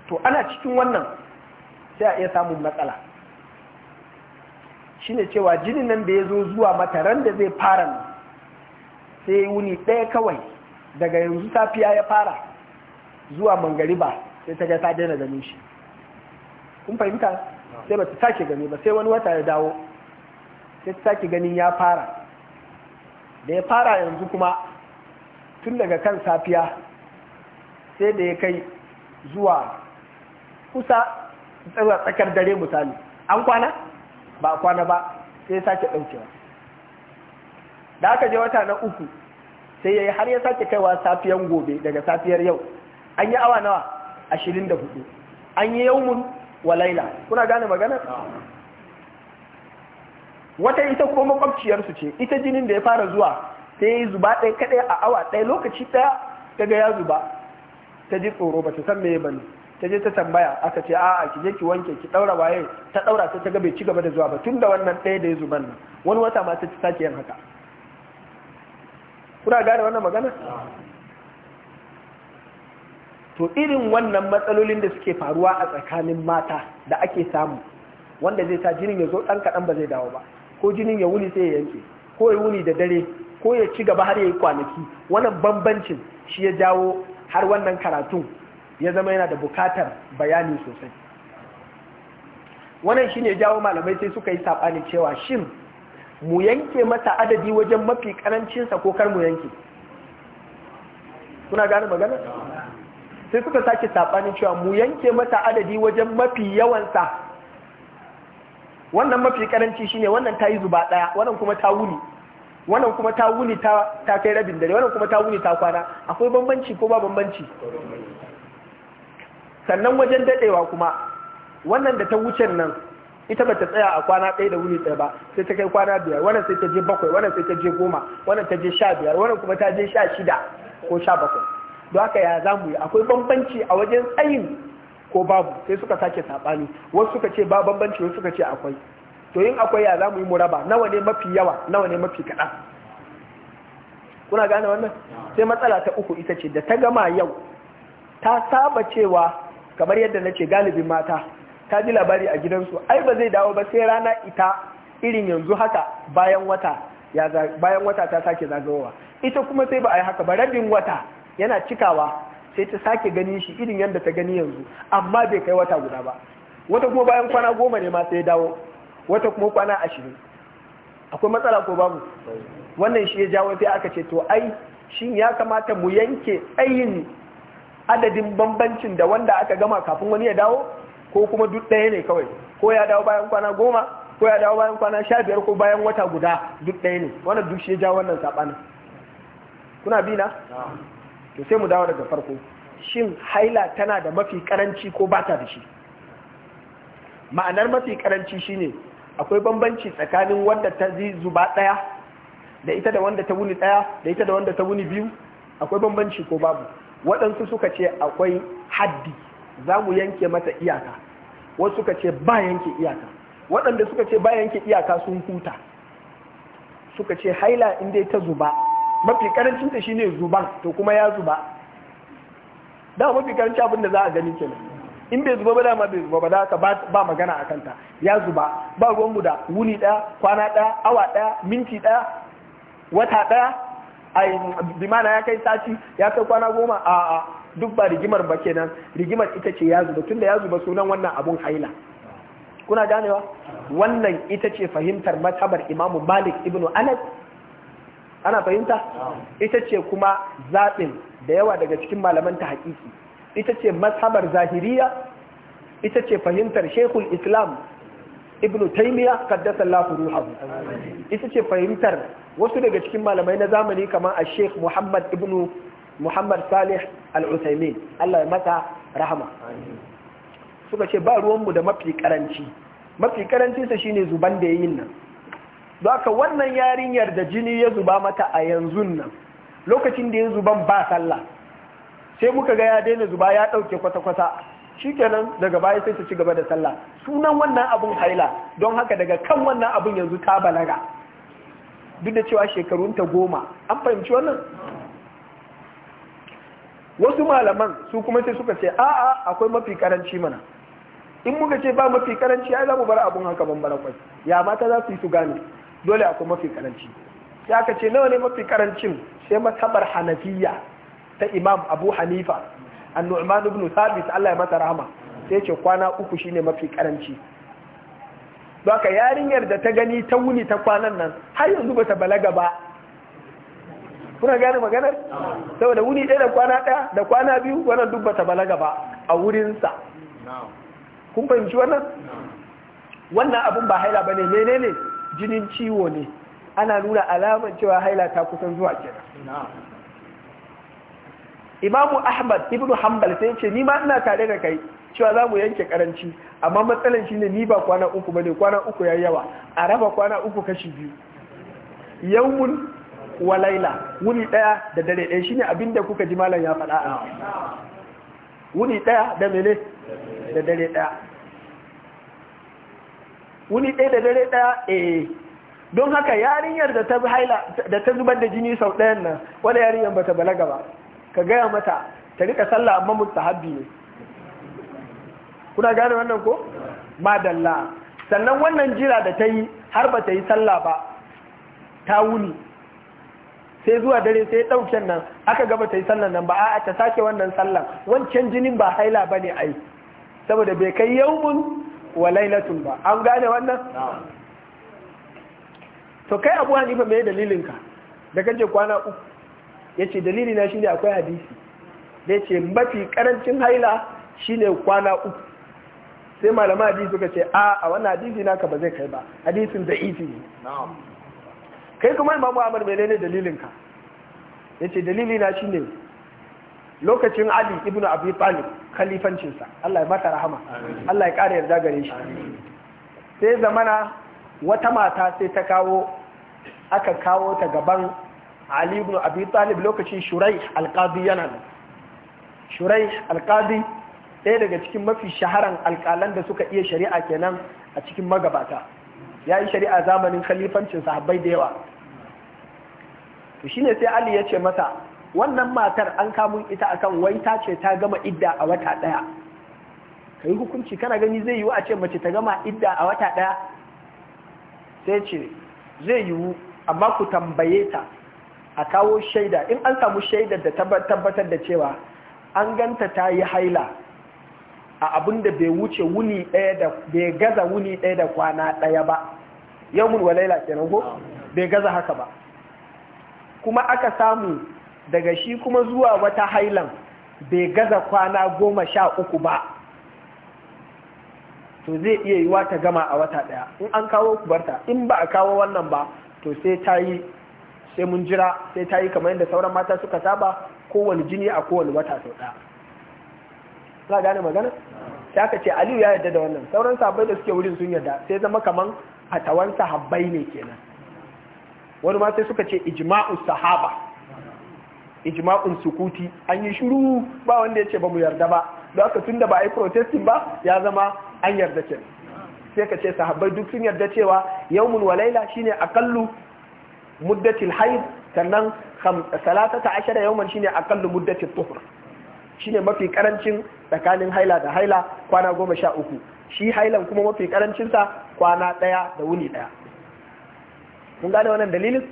Speaker 1: to ana cikin wannan sai a iya samun matsala shine cewa jinin nan da ya zo zuwa mata ran da zai fara sai wuni ɗaya kawai daga yanzu safiya ya fara zuwa mangariba sai ta ga ta daina ganin shi kun fahimta sai ba ta sake gani ba sai wani wata ya dawo sai ta sake ganin ya fara da ya fara yanzu kuma tun daga kan safiya sai da ya kai zuwa kusa tsakar dare misali an kwana ba a kwana ba sai ya sake ɗaukewa da aka je wata na uku sai ya yi har ya sake kaiwa safiyan gobe daga safiyar yau an yi awa nawa ashirin da hudu an yi yaumun walaila kuna gane magana wata ita kuma makwabciyarsu ce ita jinin da ya fara zuwa ta yi zuba ɗaya kaɗai a awa ɗaya lokaci ɗaya ta ga ya zuba ta ji tsoro ba ta san me bane ta je ta tambaya aka ce a'a ki je ki wanke ki ɗaura waye ta ɗaura sai ta ga bai ci gaba da zuwa ba tun da wannan ɗaya da ya zuban nan wani wata ma ta sake yin haka kuna gane wannan magana to irin wannan matsalolin da suke faruwa a tsakanin mata da ake samu wanda zai sa jinin ya zo ɗan kaɗan ba zai dawo ba ko jinin ya wuni sai ya yanke ko ya wuni da dare ko ya ci gaba har ya yi kwanaki wannan bambancin shi ya jawo har wannan karatun ya zama yana da bukatar bayani sosai wannan shi ne jawo malamai sai suka yi saɓani cewa shin mu yanke masa adadi wajen mafi ƙarancinsa ko kar mu yanke kuna gane magana sai suka sake saɓanin cewa mu yanke mata adadi wajen mafi yawansa wannan mafi karanci shine wannan ta yi zuba ɗaya wannan kuma ta wuni wannan kuma ta wuni ta kai rabin dare wannan kuma ta wuni ta kwana akwai bambanci ko ba bambanci sannan wajen daɗewa kuma wannan da ta wucen nan ita ba ta tsaya a kwana ɗaya da wuni ɗaya ba sai ta kai kwana biyar wannan sai ta je bakwai wannan sai ta je goma wannan ta je sha biyar wannan kuma ta je sha shida ko sha bakwai don haka ya za mu yi akwai bambanci a wajen tsayin ko babu sai suka sake saɓani wasu suka ce ba bambanci wasu suka ce akwai to yin akwai ya za mu yi muraba nawa ne mafi yawa nawa ne mafi kaɗan kuna gane wannan sai matsala ta uku ita ce da ta gama yau ta saba cewa kamar yadda na ce galibin mata ta ji labari a gidansu ai ba zai dawo ba sai rana ita irin yanzu haka bayan wata bayan wata ta sake zagawowa ita kuma sai ba a yi haka ba rabin wata yana cikawa sai ta sake ganin shi irin yadda ta gani yanzu amma bai kai wata guda ba wata kuma bayan kwana goma ne ma sai dawo wata kuma kwana ashirin akwai matsala ko babu wannan shi ya jawo sai aka ce to ai shin ya kamata mu yanke tsayin adadin bambancin da wanda aka gama kafin wani ya dawo ko kuma duk ɗaya ne kawai ko ya dawo bayan kwana goma ko ya dawo bayan kwana sha biyar ko bayan wata guda duk ɗaya ne wannan duk shi ya jawo wannan saɓanin kuna bi na to sai mu dawo daga farko shin haila tana da mafi karanci ko ba ta da shi ma'anar mafi karanci shine akwai bambanci tsakanin wanda ta zuba ɗaya da ita da wanda ta wuni ɗaya da ita da wanda ta wuni biyu akwai bambanci ko babu waɗansu suka ce akwai haddi za mu yanke mata iyaka wasu suka ce ba yanke iyaka waɗanda suka ce ba yanke iyaka sun huta suka ce haila in dai ta zuba mafi karancin ta shine zuban to kuma ya zuba da mafi karancin abin da za a gani kenan in bai zuba ba ma bai zuba ba da ba magana a kanta ya zuba ba ruwan da wuni ɗaya kwana ɗaya awa ɗaya minti daya wata ɗaya ai bimana ya kai sati ya kai kwana goma a duk ba rigimar ba kenan rigimar ita ce ya zuba tunda ya zuba sunan wannan abun haila kuna ganewa wannan ita ce fahimtar matabar imamu malik ibnu anas ana fahimta ita ce kuma zaɓin da yawa daga cikin malaman ta haƙiƙi ita ce mazhabar zahiriya ita ce fahimtar shekul islam ibn taimiya kaddasa lafuru ita ce fahimtar wasu daga cikin malamai na zamani kamar a sheikh muhammad ibn muhammad salih al-usaimin Allah ya mata rahama suka ce ba ruwanmu da mafi karanci mafi shi ne zuban da yayin nan Zaka wannan yarinyar da jini ya zuba mata a yanzu nan lokacin da ya zuban ba sallah sai muka ga ya daina zuba ya ɗauke kwata-kwata shikenan daga baya sai ta ci gaba da sallah sunan wannan abin haila don haka daga kan wannan abin yanzu ta balaga duk da cewa shekarunta goma an fahimci wannan wasu malaman su kuma sai suka ce a'a akwai mafi karanci mana in muka ce ba mafi karanci ai za mu bar abun haka bambara kwai ya mata za su yi su gane dole akwai mafi karanci sai aka ce nawa ne mafi karancin sai masabar hanafiya ta imam abu hanifa annu'man ibn thabit Allah ya masa rahama sai ce kwana uku shine mafi karanci Baka yarinyar da ta gani ta wuni ta kwanan nan har yanzu ba ta balaga ba kuna gane maganar saboda wuni ɗaya da kwana ɗaya da kwana biyu wannan duk ba ta balaga ba a wurinsa kun fahimci wannan wannan abun ba haila ba ne menene jinin ciwo ne ana nuna alamar cewa haila ta kusan zuwa kenan imamu ahmad ibn hanbal sai ce ni ma ina tare da kai cewa za mu yanke karanci amma matsalan shi ne ni ba kwana uku bane kwana uku ya yawa a raba kwana uku kashi biyu yawmun wa laila wuni daya da dare ɗaya eh, shine abin da kuka ji malam ya faɗa a wuni daya da mene da dare daya wuni ɗaya da dare ɗaya eh don haka yarinyar da ta haila da ta zubar da jini sau ɗayan nan wani yarinyar ta balaga ba ka gaya mata ta rika sallah amma habbi ne kuna gane wannan ko madalla sannan wannan jira da ta yi har ba ta yi sallah ba ta wuni sai zuwa dare sai ɗauken nan aka gaba ta yi sallan nan ba a ta sake wannan sallan wancan jinin ba haila ba ne ai saboda bai kai mun wa lailatul ba an gane wannan to kai abu hanifa mai dalilinka da kace kwana uku ya ce dalilina shine akwai hadisi da ya ce mafi karancin haila shine kwana uku sai malama hadisi suka ce a a wannan hadisi naka ba zai kai ba hadisin da isi ne kai kuma imamu amur mai ne dalilinka ya ce dalilina na shine lokacin Ali ibn Abi Talib khalifancinsa Allah ya mata rahama Allah ya ƙara yarda gare shi sai zamana wata mata sai ta kawo aka kawo ta gaban Ali ibn Abi Talib lokacin Shuraih al-Qadi yana nan Shuraih al-Qadi ɗaya daga cikin mafi shaharan alƙalan da suka iya shari'a kenan a cikin magabata ya yi shari'a zamanin khalifancin sahabbai da yawa to shine sai Ali ya ce masa wannan matar an kamun ita akan wai ta ce ta gama idda a wata ɗaya ka yi hukunci kana gani zai yiwu a ce mace ta gama idda a wata ɗaya sai ce zai yiwu amma ku tambaye ta a kawo shaida in an samu shaidar da tabbatar da cewa an ganta ta yi haila a abin da bai wuce wuni ɗaya da bai gaza wuni ɗaya da kwana ɗaya ba yau mun walaila kenan ko bai gaza haka ba kuma aka samu daga shi kuma zuwa wata hailan bai gaza kwana goma sha uku ba to zai iya yiwa ta gama a wata ɗaya in an kawo kubarta in ba a kawo wannan ba to sai ta yi sai mun jira sai ta yi kamar yadda sauran mata suka saba kowane jini a kowane wata sau ɗaya za gane magana sai aka ce aliyu ya yarda da wannan sauran sabai da suke wurin sun yarda sai zama kaman tawansa Habai ne kenan wani ma sai suka ce ijma'u sahaba ijma'un sukuti an yi shiru ba wanda ya ce ba mu yarda ba da haka tun da ba a yi protestin ba ya zama an yarda ce sai ka ce sahabbai duk sun yarda cewa yawmul walaila shine aqallu muddatil hayd sannan salatata ashara yawman shine aqallu muddatil tuhur shine mafi karancin tsakanin haila da haila kwana goma sha uku shi hailan kuma mafi karancinsa kwana ɗaya da wuni ɗaya kun gane wannan dalilin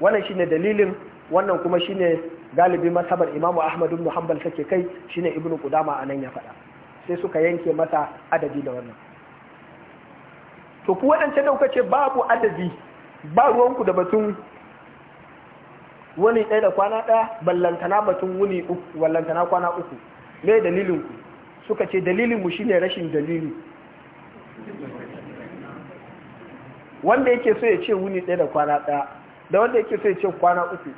Speaker 1: wannan shine dalilin wannan kuma shine galibi masabar imamu Ahmadu ibn hanbal take kai shine ibnu qudama anan ya faɗa sai suka yanke masa adadi da wannan to ku waɗance da kuka ce babu adadi ba ruwanku da batun wuni ɗaya da kwana ɗaya ballantana batun wuni uku ballantana kwana uku me dalilinku suka ce dalilinmu shine rashin dalili wanda yake so ya ce wuni ɗaya da kwana ɗaya da wanda yake so ya ce kwana uku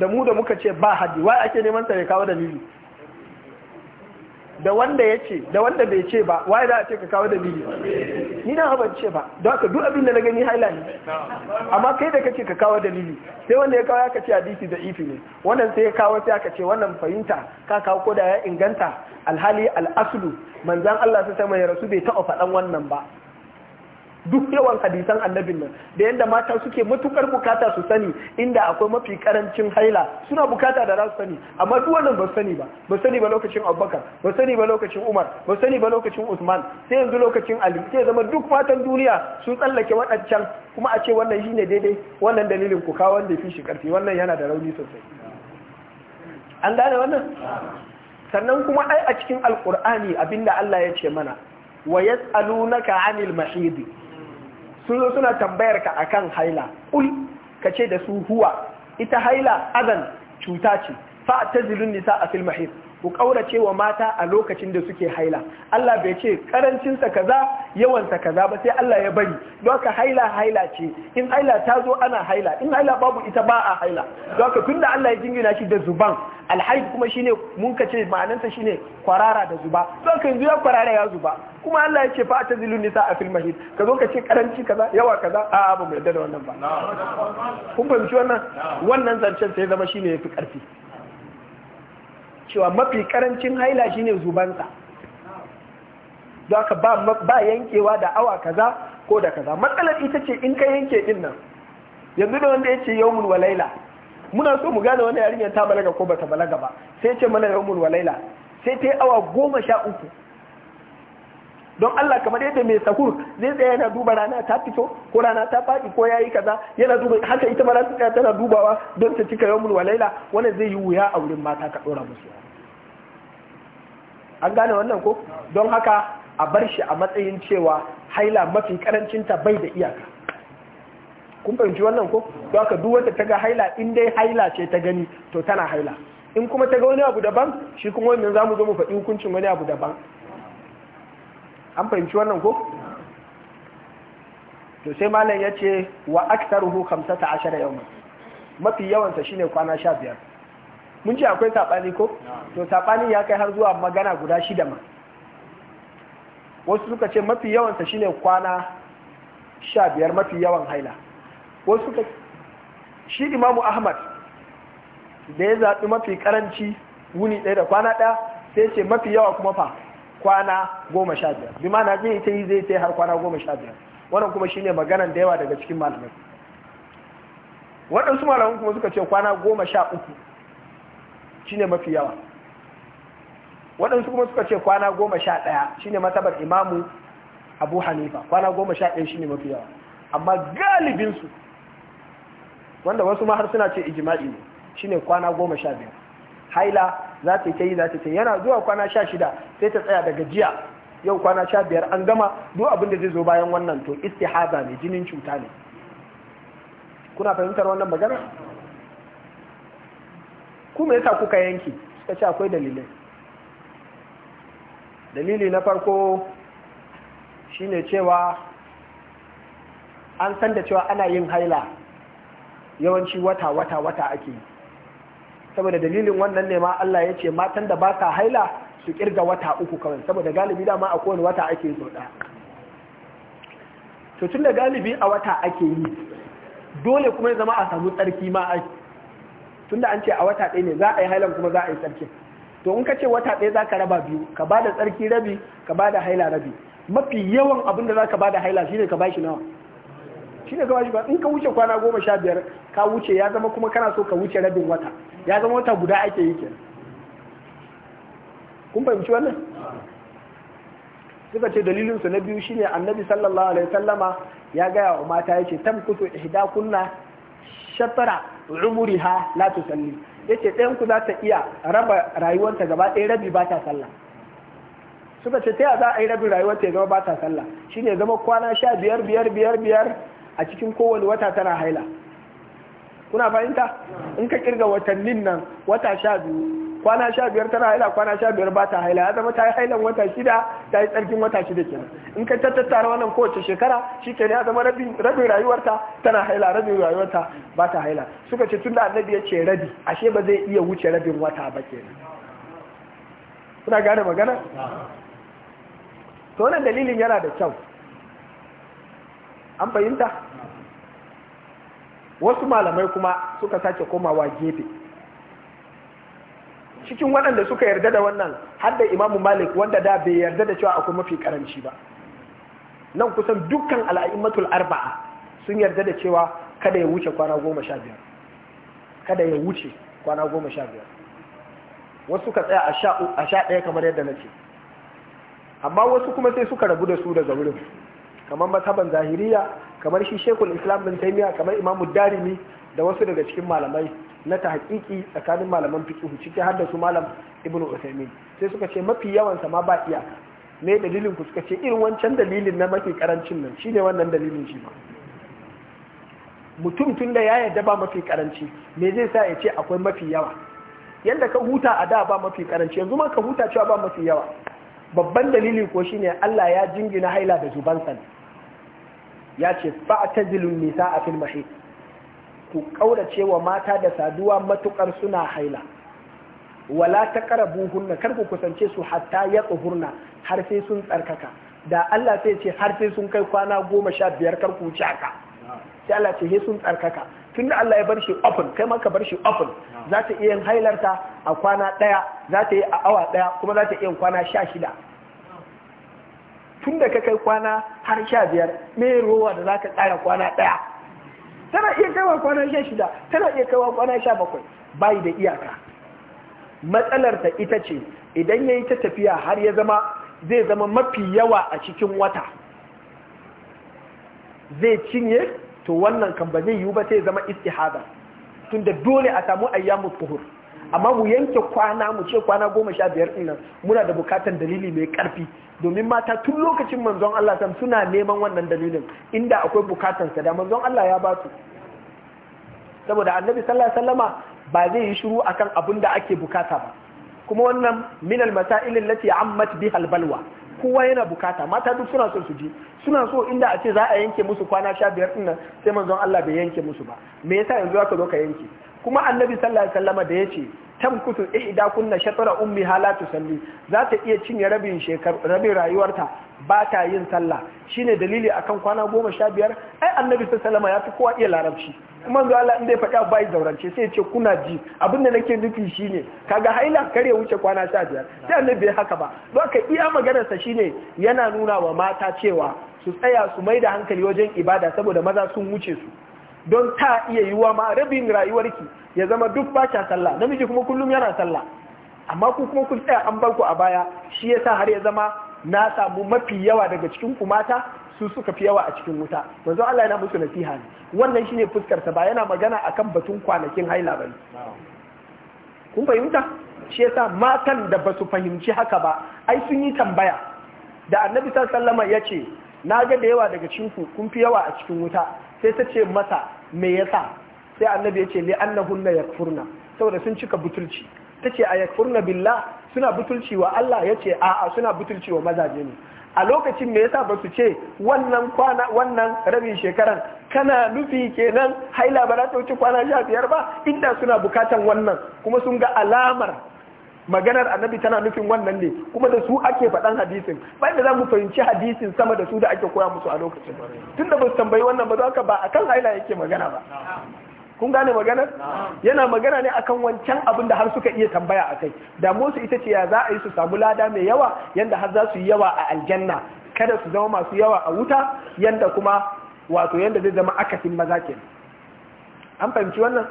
Speaker 1: da mu da muka ce ba haddi wai ake neman sa ya kawo dalili da wanda ya ce da wanda bai ce ba wai za a ce ka kawo dalili ni na ban ce ba don haka duk abin da na gani haila ne amma kai da kake ka kawo dalili sai wanda ya kawo ya kace hadisi da ifi ne wannan sai ya kawo sai aka ce wannan fahimta ka kawo ko da ya inganta alhali al'aslu manzan Allah sai sama ya rasu bai taɓa faɗan wannan ba duk yawan hadisan annabin nan da yadda mata suke matukar bukata su sani inda akwai mafi karancin haila suna bukata da za sani amma duk wannan ba sani ba ba sani ba lokacin abubakar ba sani ba lokacin umar ba sani ba lokacin usman sai yanzu lokacin ali sai zama duk matan duniya sun tsallake waɗancan kuma a ce wannan shine daidai wannan dalilin ku kawo wanda ya fi shi karfi wannan yana da rauni sosai an gane wannan sannan kuma ai a cikin alkur'ani abinda Allah ya ce mana wa yas'alunaka 'anil mahidi sun zo suna tambayar ka a kan haila ul ka ce da su huwa ita haila azan cuta ce ta zilun nisa a fil ku kaurace wa mata a lokacin da suke haila Allah bai ce ƙarancinsa ka kaza yawansa kaza ba sai Allah ya bari don ka haila haila ce in haila ta zo ana haila in haila babu ita ba a haila don ka tunda Allah ya jingina shi da zuban alhaib kuma shine mun ka ce ma'anarsa shine kwarara da zuba don ka yanzu ya kwarara ya zuba kuma Allah ya ce fa zilu nisa a fil mahid ka zo ka ce karanci kaza yawa kaza a ba mu yarda da wannan ba kun fahimci wannan wannan zancen sai zama shine fi karfi cewa mafi karancin haila shi ne zubansa don ba yankewa da awa kaza ko da kaza matsalar ita ce in ka yanke din nan yanzu da wanda ya ce yawmun wa laila muna so mu gane wani yarinyar ta balaga ko bata balaga ba sai ce mana yawmun wa laila sai ta yi awa goma sha uku don Allah kamar yadda mai sahur zai tsaye yana duba rana ta fito ko rana ta faɗi ko yayi kaza yana duba haka ita ma tana dubawa don ta cika yawmul walaila wani zai yi wuya a wurin mata ka ɗora musu an gane wannan ko don haka a bar shi a matsayin cewa haila mafi karancinta bai da iyaka kun fahimci wannan ko don haka duk wanda ta ga haila in dai haila ce ta gani to tana haila in kuma ta ga wani abu daban shi kuma za mu zo mu faɗi hukuncin wani abu daban an fahimci wannan ko to sai malam ya ce wa aktaruhu 15 yawma mafi yawansa shine kwana biyar. mun ce akwai saɓani ko to saɓani ya kai har zuwa magana guda shida ma wasu suka ce mafi yawansa shine kwana sha biyar mafi yawan haila wasu suka shi imamu ahmad da ya zaɓi mafi karanci wuni ɗaya da kwana ɗaya sai ce mafi yawa kuma fa kwana goma sha biyar bi mana zai ta yi zai ta har kwana goma sha biyar wannan kuma shine maganan da yawa daga cikin malamai waɗansu malamai kuma suka ce kwana goma sha uku ne mafi yawa waɗansu kuma suka ce kwana goma sha ɗaya shine matabar imamu abu hanifa kwana goma sha ɗaya shine mafi yawa amma galibinsu wanda wasu ma har suna ce ijima'i ne shine kwana goma sha biyar haila za ta yi za ta ta yana zuwa kwana sha shida sai ta tsaya daga jiya yau kwana sha biyar an gama duk abin da zai zo bayan wannan to istihaza ne jinin cuta ne kuna fahimtar wannan magana kuma yasa kuka yanki suka ce akwai dalilai dalili na farko shine cewa an san da cewa ana yin haila yawanci wata wata wata ake saboda dalilin wannan ne ma Allah ya ce matan da ba sa haila su kirga wata uku kawai saboda galibi dama a kowane wata ake yi to tun da galibi a wata ake yi dole kuma ya zama a samu tsarki ma ake tunda an ce a wata ɗaya ne za a yi hailan kuma za a yi tsarki to in ka ce wata ɗaya za ka raba biyu ka ba da tsarki rabi ka ba da haila rabi mafi yawan abin da za ka ba da haila shine ka ba shi nawa shine ka ba shi ba in ka wuce kwana goma sha biyar ka wuce ya zama kuma kana so ka wuce rabin wata ya zama wata guda ake yi kenan kun fahimci wannan suka ce dalilinsu na biyu shine annabi sallallahu alaihi wasallama ya gaya wa mata yace tamkutu ihdakunna shattara umuriha la tusalli yace ɗayan ku za ta iya raba rayuwarta gaba ɗaya rabi ba ta sallah suka ce ta za a yi rabin rayuwarta ya zama ba ta sallah shine zama kwana sha biyar biyar biyar biyar a cikin kowane wata tana haila kuna fahimta in ka kirga watannin nan wata sha biyu kwana sha biyar tana haila kwana sha biyar ba ta haila ya zama ta yi hailan wata shida ta yi tsarkin wata shida kenan in ka tattara wannan kowace shekara shi kenan ya zama rabin rayuwarta tana haila rabin rayuwarta ba ta haila suka ce tun da annabi ya ce rabi ashe ba zai iya wuce rabin wata ba kenan kuna gane magana to wannan dalilin yana da kyau an fahimta wasu malamai kuma suka sake komawa gefe cikin waɗanda suka yarda da wannan har da imamu malik wanda da bai yarda da cewa akwai mafi karanci ba nan kusan dukkan al'a'immatul arba'a sun yarda da cewa kada ya wuce kwana goma sha biyar kada ya wuce kwana goma sha biyar wasu suka tsaya a sha ɗaya kamar yadda na ce amma wasu kuma sai suka rabu da su daga wurin kamar mazhaban zahiriya kamar shi shekul islam bin taimiya kamar imamu darimi da wasu daga cikin malamai na ta hakiki tsakanin malaman fiqhu ciki har da su malam ibnu usaimin sai suka ce mafi yawan sa ma ba iya me dalilin ku suka ce irin wancan dalilin na mafi karancin nan shine wannan dalilin shi ba. mutum tun da ya yarda ba mafi karanci me zai sa ya ce akwai mafi yawa yadda ka huta a da ba mafi karanci yanzu ma ka huta cewa ba mafi yawa babban dalili ko shine Allah ya jingina haila da zubansa ne ya ce nisa a fil mahid ku kaurace wa mata da saduwa matukar suna haila wala ta taqrabuhunna kar ku kusance su hatta yatsuhurna har sai sun tsarkaka da Allah sai ce har sai sun kai kwana goma sha biyar kar ku wuce
Speaker 3: sai
Speaker 1: Allah ce sun tsarkaka tun da Allah ya bar shi open kai ma ka bar shi open za ta iya yin hailarta a kwana daya za ta yi a awa daya kuma za ta iya kwana sha shida tun da ka kai kwana har sha biyar me rowa da za ka tsaya kwana ɗaya tana iya kaiwa kwana sha shida tana iya kaiwa kwana sha bakwai bayi da iyaka matsalar ta ita ce idan ya yi ta tafiya har ya zama zai zama mafi yawa a cikin wata zai cinye to wannan kan ba zai yiwu ba sai zama istihada tunda dole a samu ayyamu tuhur amma mu yanke kwana mu ce kwana goma sha biyar ɗin nan muna da bukatan dalili mai ƙarfi domin mata tun lokacin manzon Allah sam suna neman wannan dalilin inda akwai bukatan sa da manzon Allah ya ba su saboda annabi sallallahu alaihi wasallama ba zai yi shiru akan abin da ake bukata ba kuma wannan min al-masail allati ammat biha al-balwa kowa yana bukata mata duk suna so su ji suna so inda a ce za a yanke musu kwana sha biyar ɗin nan sai manzon Allah bai yanke musu ba me yasa yanzu aka zo ka yanke kuma annabi sallallahu alaihi wasallam da yace tamkutu ihda kunna shatra ummi hala tusalli za ta iya cinye rabin shekar rabin rayuwarta ba ta yin sallah shine dalili akan kwana goma sha biyar ai annabi sallallahu alaihi ya fi kowa iya larabci kuma zuwa Allah inda ya faɗa bai zaurance sai ya ce kuna ji abin da nake nufi shine kaga haila kare wuce kwana sha biyar sai annabi bai haka ba don ka iya maganarsa shine yana nuna wa mata cewa su tsaya su mai da hankali wajen ibada saboda maza sun wuce su don ta iya yiwuwa ma rabin rayuwarki ya zama duk ba ta sallah namiji kuma kullum yana sallah amma ku kuma kun tsaya an bar a baya shi yasa har ya zama na samu mafi yawa daga cikin ku mata su suka fi yawa a cikin wuta manzo Allah yana musu nasiha ne wannan shine fuskar ta ba yana magana akan batun kwanakin haila bane kun fahimta shi yasa matan da basu fahimci haka ba ai sun yi tambaya da annabi sallallahu alaihi wasallam ce na ga da yawa daga cikin ku kun fi yawa a cikin wuta sai ta ce masa me yasa sai annabi ya ce li annahunna yakfurna saboda sun cika butulci ta ce a yakfurna billa suna butulci wa Allah ya ce a'a suna butulci wa mazaje ne a lokacin me yasa ba su ce wannan kwana wannan rabin shekaran kana nufi kenan haila ba za ta kwana sha biyar ba inda suna bukatan wannan kuma sun ga alamar maganar annabi tana nufin wannan ne kuma da su ake faɗan hadisin bayan da za mu fahimci hadisin sama da su da ake koya musu a lokacin tunda ba su tambayi wannan ba za ka ba kan haila yake magana ba kun gane maganar yana magana ne akan wancan abin da har suka iya tambaya a kai damu su ita ce ya za a yi su samu lada mai yawa yanda har za su yi yawa a aljanna kada su zama masu yawa a wuta yanda kuma wato yanda zai zama akasin maza ke an fahimci wannan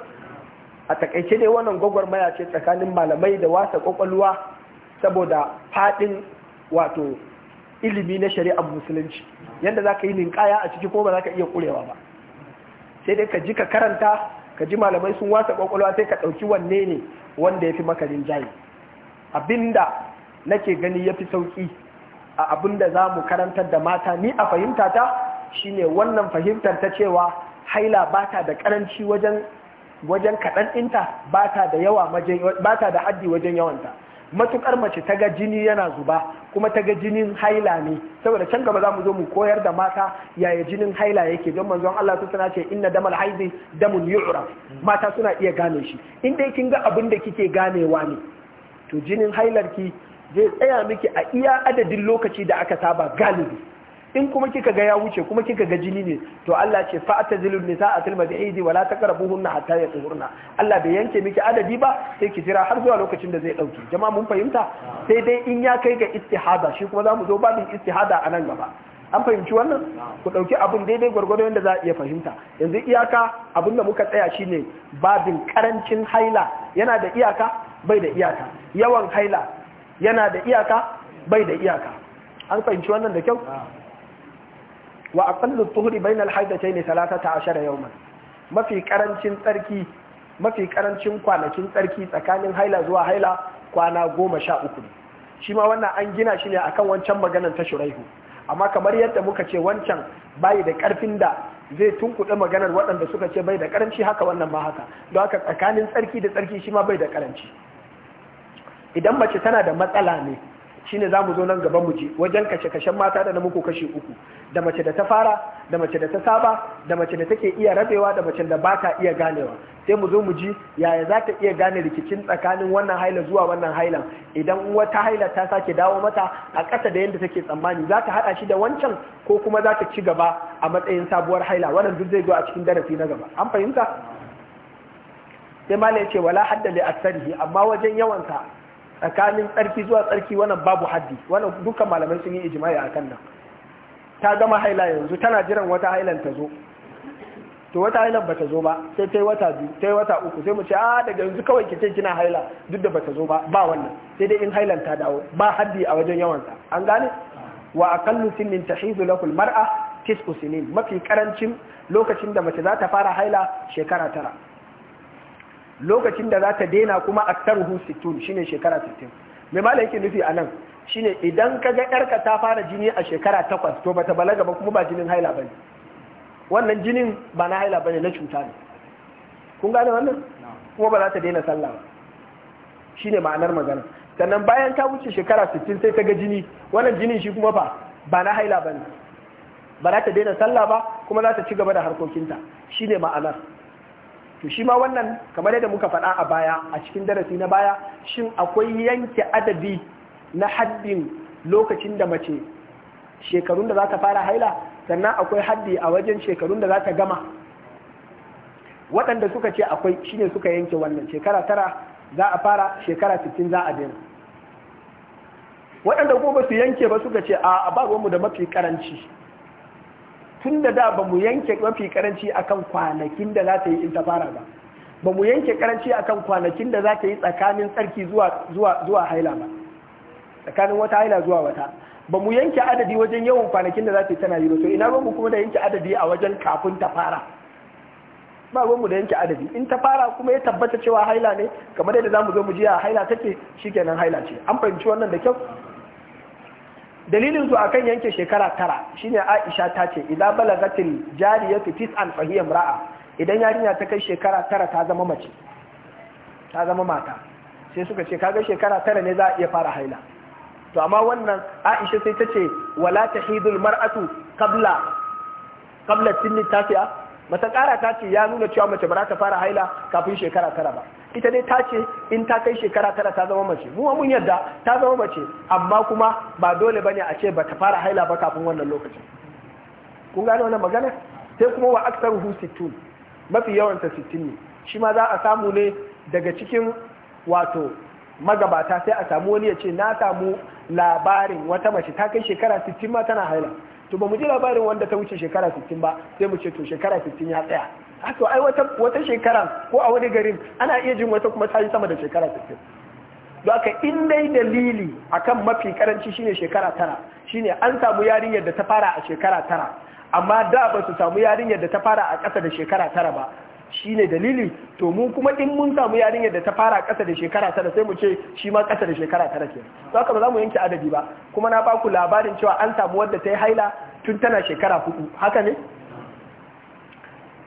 Speaker 1: a takaice dai wannan gwagwar maya ce tsakanin malamai da wasa kwakwalwa saboda fadin wato ilimi na shari'ar musulunci yadda za ka yi ninkaya a ciki ko ba za ka iya kurewa ba sai dai ka ji ka karanta ka ji malamai sun wasa kwakwalwa sai ka ɗauki wanne ne wanda ya fi makarin jayi abinda nake gani ya fi sauƙi a abinda za mu karantar da mata ni a fahimta ta shine wannan fahimtar ta cewa haila ba ta da karanci wajen wajen kaɗan ɗinta ba ta da haddi wajen yawanta matukar mace ta ga jini yana zuba kuma ta ga jinin haila ne saboda can gaba za mu zo mu koyar da mata yaya jinin haila yake don manzon Allah su suna ce inna damal haizi damun yu'ra mata suna iya gane shi in dai kin ga abin da kike ganewa ne to jinin ki zai tsaya miki a iya adadin lokaci da aka saba galibi in kuma kika ga ya wuce kuma kika ga jini ne to Allah ce fa atazilun nisa atil madidi wala taqrabuhunna hatta yatahurna Allah bai yanke miki adadi ba sai ki jira har zuwa lokacin da zai dauke jama'a mun fahimta sai dai in ya kai ga istihada shi kuma zamu zo babin istihada a nan gaba an fahimci wannan ku dauki abin daidai gwargwado yadda za a iya fahimta yanzu iyaka abin da muka tsaya shine babin karancin haila yana da iyaka bai da iyaka yawan haila yana da iyaka bai da iyaka an fahimci wannan da kyau wa aqallu tuhri bayna al haydatayn 13 yawman mafi karancin tsarki mafi karancin kwanakin tsarki tsakanin haila zuwa haila kwana goma sha uku ne shi ma wannan an gina shi ne akan wancan maganar ta shuraihu amma kamar yadda muka ce wancan bayi da karfin da zai tunkuɗe maganar waɗanda suka ce bai da karanci haka wannan ba haka don haka tsakanin tsarki da tsarki shi ma bai da karanci idan mace tana da matsala ne shine za mu zo nan gaban mu ji wajen kashe-kashen mata da na muku kashe uku da mace da ta fara da mace da ta saba da mace da take iya rabewa da mace da ba ta iya ganewa sai mu zo mu ji yaya za ta iya gane rikicin tsakanin wannan haila zuwa wannan hailan idan wata haila ta sake dawo mata a ƙasa da yadda take tsammani za ta haɗa shi da wancan ko kuma za ta ci gaba a matsayin sabuwar haila wannan duk zai zo a cikin darasi na gaba an fahimta sai malai ce wala haddali a amma wajen yawansa tsakanin tsarki zuwa tsarki wannan babu haddi wannan dukkan malamai sun yi ijimai a kan nan ta gama haila yanzu tana jiran wata hailan ta zo to wata hailan bata zo ba sai ta yi wata biyu ta yi wata uku sai mu ce a ah, daga yanzu kawai ki ce kina haila duk da bata zo ba ba wannan sai dai in hailan ta dawo ba haddi a wajen yawansa an gane wa aqallu sinin tahidu lahu mar'a tis'u sinin mafi karancin lokacin da mace za ta fara haila shekara tara lokacin da za ta daina kuma a aktaruhu 60 shine shekara 60 mai mala yake nufi a nan shine idan ka ga yarka ta fara jini a shekara 8 to bata balaga ba kuma ba jinin haila bane wannan jinin ba na haila bane na cuta ne kun gane wannan kuma ba za ta daina sallah ba shine ma'anar magana sannan bayan ta wuce shekara 60 sai ta ga jini wannan jinin shi kuma fa ba na haila bane ba za ta daina sallah ba kuma za ta ci gaba da harkokinta shine ma'anar to shi ma wannan kamar yadda muka faɗa a baya a cikin darasi na baya shin akwai yanke adadi na haddin lokacin da mace shekarun da za ta fara haila sannan akwai haddi a wajen shekarun da za ta gama waɗanda suka ce akwai shine suka yanke wannan shekara tara za a fara shekara sittin za a daina waɗanda kuma ba su yanke ba suka ce a ba mu da mafi karanci tun da da ba mu yanke mafi karanci akan kwanakin da za ta yi in ta fara ba ba mu yanke karanci akan kwanakin da za ta yi tsakanin tsarki zuwa haila ba tsakanin wata haila zuwa wata ba mu yanke adadi wajen yawan kwanakin da za ta yi tana yi ba to ina ba mu kuma da yanke adadi a wajen kafin ta fara ba ruwanmu da yanke adadi in ta fara kuma ya tabbata cewa haila ne kamar yadda za mu zo mu ji a haila take shikenan haila ce an fahimci wannan da kyau dalilin su akan yanke shekara tara shine Aisha ta ce idza balagatil jariyatu tis'an fa hiya imra'a idan yarinya ta kai shekara tara ta zama mace ta zama mata sai suka ce kaga shekara tara ne za a iya fara haila to amma wannan Aisha sai ta ce wala tahidul mar'atu qabla qabla tafiya mata kara ta ce ya nuna cewa mace ba ta fara haila kafin shekara tara ba ita dai ta ce in ta kai shekara tara ta zama mace mu mun yadda ta zama mace amma kuma ba dole ne a ce ba ta fara haila ba kafin wannan lokacin kun gane wannan magana sai kuma wa hu sittun mafi yawan ta sittin ne shi ma za a samu ne daga cikin wato magabata sai a samu wani ya ce na samu labarin wata mace ta kai shekara 60 ma tana haila to ba mu ji labarin wanda ta wuce shekara 60 ba sai mu ce to shekara 60 ya tsaya a ah, to ai wata wata shekara ko a wani garin ana iya jin wata kuma ta yi sama da shekara 60 don haka in dai dalili akan mafi karanci shine shekara tara shine an samu yarinyar da ta fara a shekara tara amma da ba su samu yarinyar da ta fara a ƙasa da shekara tara ba Shi ne dalili to mu kuma in mun samu yarinyar da ta fara ƙasa da shekara tara sai mu ce shi ma ƙasa da shekara tara ke to haka ba za mu yanke adadi ba kuma na baku labarin cewa an samu wadda ta yi haila tun tana shekara hudu haka ne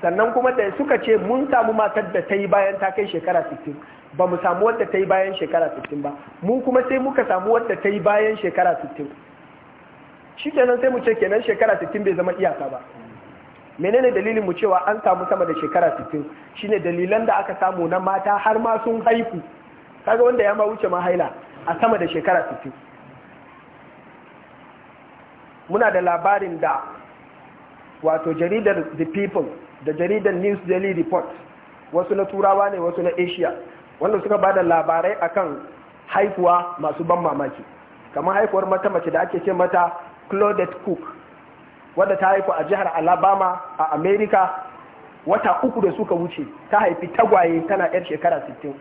Speaker 1: sannan kuma da suka ce mun samu matar da ta yi bayan ta kai shekara 60 ba mu samu wadda ta yi bayan shekara 60 ba mu kuma sai muka samu wadda ta yi bayan shekara 60 shi kenan sai mu ce kenan shekara 60 bai zama iyaka ba menene dalilin mu cewa an samu sama da shekara 60 shine dalilan da aka samu na mata har ma sun haihu kaga wanda ya ma wuce ma haila a sama da shekara 60 muna da labarin da wato jaridar the people da jaridar news daily report wasu na turawa ne wasu na asia wanda suka ba da labarai akan haihuwa masu ban mamaki kamar haifuwar mata mace da ake ce mata claudette cook wadda ta haifu a jihar alabama a Amerika, wata uku da suka wuce ta haifi tagwaye tana yar shekara 60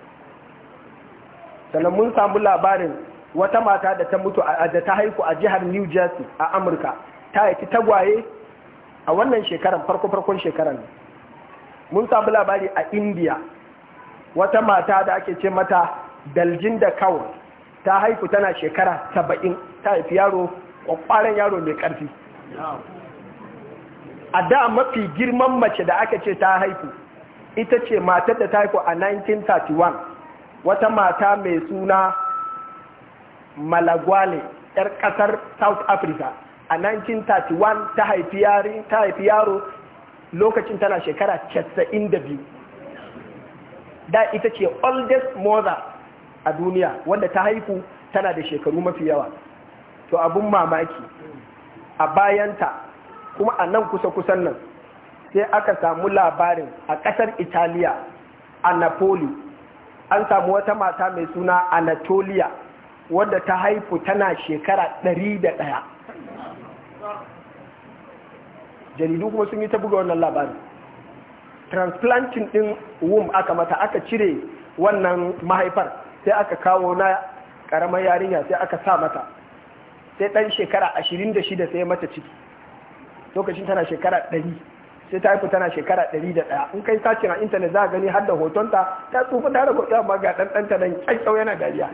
Speaker 1: sannan mun samu labarin wata mata da ta mutu da ta haifu a jihar new jersey a amurka ta haifi tagwaye a wannan shekaran farko-farkon shekaran mun samu labari a india wata mata da ake ce mata daljin da kawai ta haifu tana shekara saba'in ta haifi yaro kwakwaren yaro mai ƙarfi a da mafi girman mace da aka ce ta haifu ita ce matar da ta haifu a 1931 wata mata mai suna malagwale 'yar kasar south africa a 1931 ta haifi yaro lokacin tana shekara 92 da ita ce oldest mother a duniya wanda ta haifu tana da shekaru mafi yawa to abun mamaki a bayanta kuma a nan kusa-kusan nan sai aka samu labarin a ƙasar italiya a napoli an samu wata mata mai suna anatolia wadda ta haifu tana shekara ɗari jaridu kuma sun yi ta buga wannan labarin transplanting ɗin womb aka mata aka cire wannan mahaifar sai aka kawo na ƙaramar yarinya sai aka sa mata sai ɗan shekara ashirin da shida sai mata ciki lokacin tana shekara ɗari sai ta haifu tana shekara ɗari da ɗaya in kai sace a intanet za a gani har da hotonta ta tsufa ta da amma ga ɗanɗanta nan kyakkyau yana dariya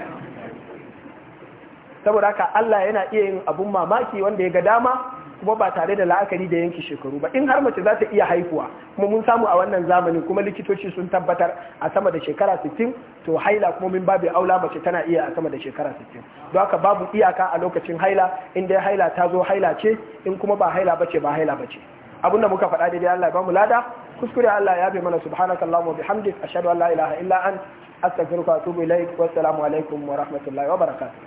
Speaker 1: saboda haka Allah yana iya yin abun mamaki wanda ya ga dama kuma ba tare da la'akari da yanki shekaru ba in har mace za ta iya haihuwa kuma mun samu a wannan zamani kuma likitoci sun tabbatar a sama da shekara 60 to haila kuma min babu aula mace tana iya a sama da shekara 60 don haka babu iyaka a lokacin haila in dai haila ta zo haila ce in kuma ba haila bace ba haila bace abin da muka faɗa daidai Allah ya ba mu lada kuskure Allah ya bi mana subhanaka allahumma bihamdika ashhadu an la ilaha illa ant astaghfiruka wa atubu ilaik wa assalamu alaikum wa rahmatullahi wa barakatuh